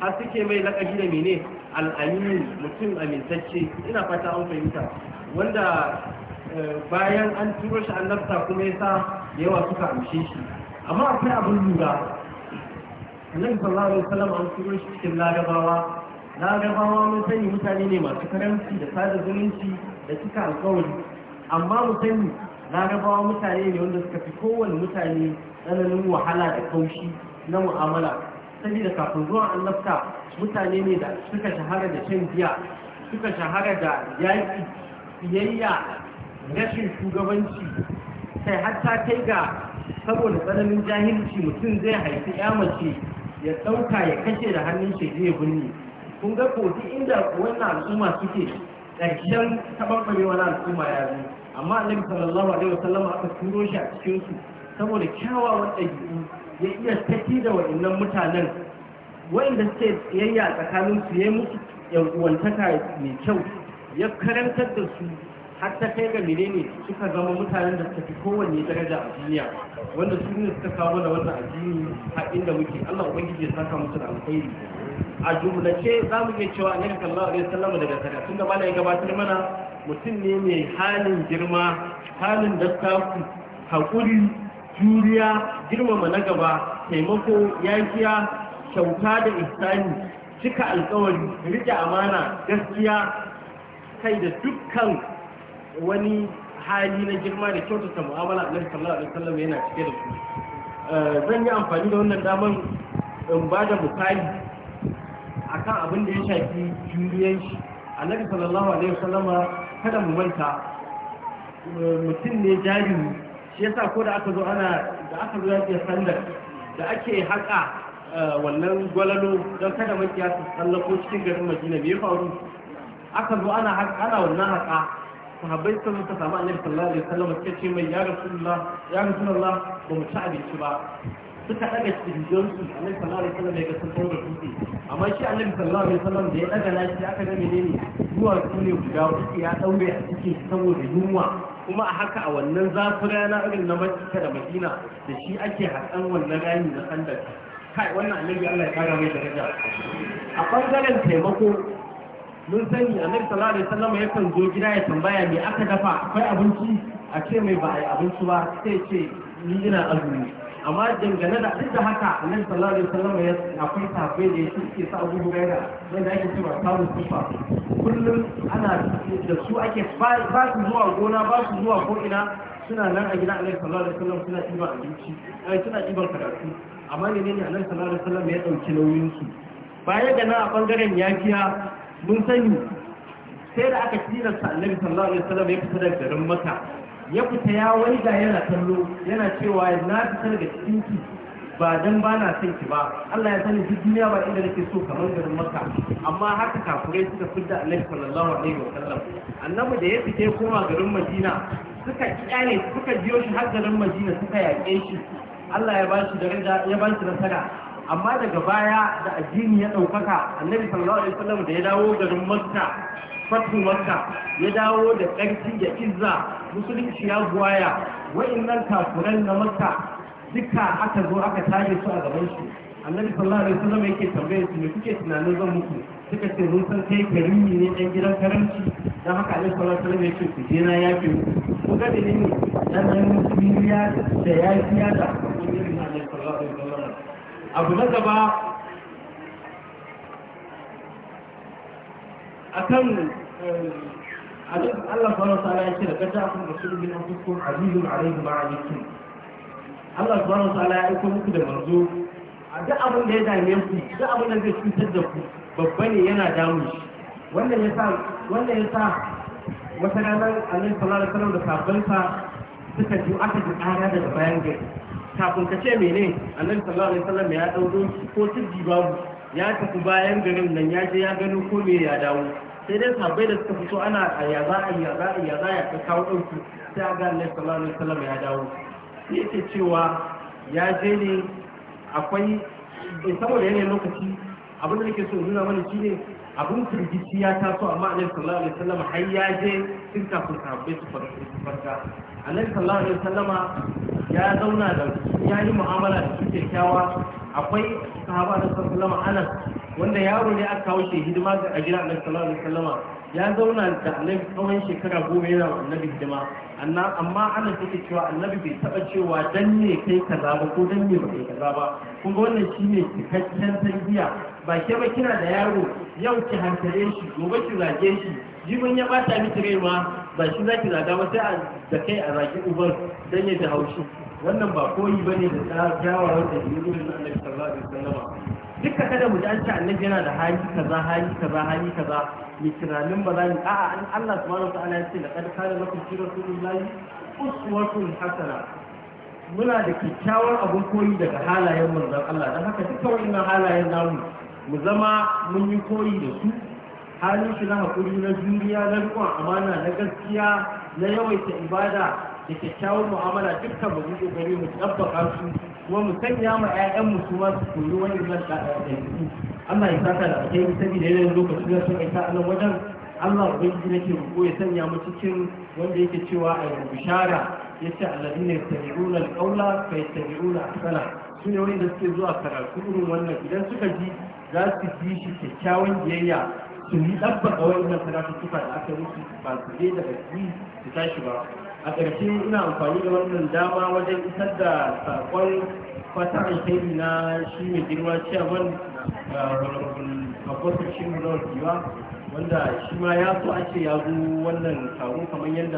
har suke mai lakashi da mene al'amin mutum amintacce ina fata an fahimta wanda eh, bayan an turo shi annabta kuma ya sa yawa suka amshe shi amma akwai abin lura annabi sallallahu alaihi wasallam an turo shi cikin larabawa larabawa mun sani mutane ne masu karamci da sada zumunci da cika alkawari amma mu sani larabawa mutane ne wanda suka fi kowane mutane tsananin wahala da kaushi na mu'amala saboda kafin zuwa annabta mutane ne da suka shahara da shan giya suka shahara da yaƙi siyayya rashin shugabanci sai hatta kai ga saboda tsananin jahilci mutum zai haifi ya mace ya ɗauka ya kashe da hannun shi ya binne kun ga kofi inda wannan al'umma suke ƙarshen taɓarɓarewa na al'umma ya zo amma annabi sallallahu alaihi wasallam aka turo shi a cikin su saboda kyawawan ɗabi'u ya iya saki da waɗannan mutanen wanda suke tsayayya tsakanin su ya musu uwantaka mai kyau ya karantar da su har ta kai ga menene suka zama mutanen da suka fi kowanne daraja a duniya wanda su ne suka kawo da wannan addini a inda muke Allah ubangiji ya saka musu da alkhairi a jumlace za mu iya cewa annabi sallallahu alaihi wasallam daga sadaka tunda bala ya gabatar mana mutum ne mai halin girma halin dattaku hakuri juriya girmama na gaba taimako yakiya kyauta da ihsani cika alkawari rike amana gaskiya kai da dukkan wani hali na girma da kyautata mu'amala nan sallallahu alaihi wasallam yana cike da su eh, zan yi amfani da wannan damar in ba da misali akan abin da ya shafi juriyan shi annabi sallallahu alaihi wasallama kada mu manta eh, mutum ne jarimi shi yasa ko da aka zo ana da aka zo yake sandar da ake haka eh, wannan gwalalo don kada makiya su ko cikin garin madina me ya faru aka zo ana haka ana wannan haka sahabbai sun ta samu annabi sallallahu alaihi wasallam suka ce mai ya rasulullah ya rasulullah ba mu ci abinci ba suka daga cikin su annabi sallallahu alaihi wasallam ya ga sun tawo da dutse amma shi annabi sallallahu alaihi wasallam da ya daga lashi aka ga menene zuwa su ne guda uku ya daure a cikin saboda yunwa kuma a haka a wannan zafin rana irin na Makka da Madina da shi ake hakan wannan rami na sandar kai wannan annabi Allah ya kara mai daraja a bangaren taimako mun sani annabi sallallahu alaihi wasallam kan zo gida ya tambaya me aka dafa akwai abinci a ce mai ba a yi abinci ba sai ce ni ina azumi amma dangane da duk da haka annabi sallallahu alaihi wasallam ya akwai tafe da ya suke sa abu gaira wanda ake cewa sabu sufa kullum ana da su ake ba su zuwa gona ba su zuwa ko ina suna nan a gida annabi sallallahu alaihi wasallam suna ɗiban abinci ai eh, suna ɗiban karatu amma ne ne annabi sallallahu alaihi wasallam ya ɗauki nauyin su baya ga na a bangaren yafiya mun sani sai da aka tilasta annabi sallallahu alaihi wasallam ya fita daga garin maka ya fita ya wani ga yana kallo yana cewa na fita daga cikin ki ba dan bana na son ki ba Allah ya sani duk duniya ba inda nake so kamar garin maka amma haka kafurai suka fidda annabi sallallahu alaihi wasallam annabi da ya fita koma garin madina suka kyale suka biyo shi har garin madina suka yaƙe shi Allah ya ba shi daraja ya ba shi nasara amma daga baya da addini ya ɗaukaka annabi sallallahu alaihi wasallam da ya dawo garin makka fatu makka ya dawo da ƙarfi da izza musulunci ya buwaya wa'annan kafuran na makka duka aka zo aka tage su a gaban su annabi sallallahu alaihi wasallam yake tambaye su me kuke tunanin zan muku suka ce mun san kai karimi ne dan gidan karanci dan haka annabi sallallahu alaihi wasallam yake ku je na yafe muku ku ga dalili dan nan miliya da yafiya da annabi sallallahu alaihi wasallam abu na gaba a kan eh, Allah subhanahu ala ya ce da kada akun rasulun min anfusikum azizun ba a alaykum Allah subhanahu ya aiko muku da manzo a duk abin da ya dame ku duk abin da zai cutar da ku babba ne yana damu shi wannan ya wannan yasa wata ranar Annabi alaihi wasallam da sahabbansa suka ji aka ji ƙara daga bayan gari kafin ka ce mene annabi sallallahu alaihi wasallam ya dauko ko tuddi babu ya tafi bayan garin nan ya je ya gano ko me ya dawo sai dai sabai da suka fito ana ya za a ya za a ya za ya ka kawo dauki sai a ga annabi sallallahu alaihi wasallam ya dawo sai ce cewa ya je ne akwai eh, saboda yanayin lokaci abin da nake so nuna mana ne abin firgici ya taso amma annabi sallallahu alaihi wasallam har ya je tun kafin sahabbai su farka annabi sallallahu alaihi wasallama ya zauna da ya yi mu'amala da su kyakkyawa akwai sahaba da sallama anas wanda yaro ne aka kawo shi hidima ga ajira na Sallama sallama ya zauna da annabi tsawon shekara goma yana wa annabi hidima amma ana take cewa annabi bai taba cewa dan ne kai kaza ba ko dan ne ba kai kaza ba kuma wannan shine cikakken tarbiyya ba ke ba kina da yaro yau ki hankale shi gobe ki zage shi jibin ya bata miki rai ma ba shi za ki zaga ba sai a da kai a zaki uban dan ya da haushi wannan ba koyi bane da tsawar da yi irin annabi sallallahu alaihi wasallam duka kada mu dace annabi yana da hali kaza hali kaza hali kaza mu tunanin ba za mu a'a an Allah subhanahu wataala ya ce kad kana lakum fi rasulillahi uswatun hasana muna da kyakkyawar abun koyi daga halayen manzon Allah dan haka duka wannan halayen namu mu zama mun yi koyi da su halin shi na haƙuri na juriya na riƙon amana na gaskiya na yawaita ibada da kyakkyawar mu'amala dukkan mu yi gari mu tabbaka su kuma mu sanya ma mu su ma su koyi wani nan da ɗaiɗaiku Allah ya saka da alheri saboda yanayin lokacin da sun aika nan wajen Allah ubangiji nake roƙo ya sanya mu cikin wanda yake cewa a yi bishara yace alladina yattabi'una al-qawla fa yattabi'una ahsana su ne wanda suke zuwa karatu irin wannan idan suka ji za su ji shi kyakkyawan biyayya su yi wani wannan karatu suka da aka musu ba su je daga ji su tashi ba a ƙarshe ina amfani da wannan dama wajen isar da saƙon fata alheri na shi mai girma ciyaman babbar shi mu wanda shi ma ya so a ce wannan taro kamar yadda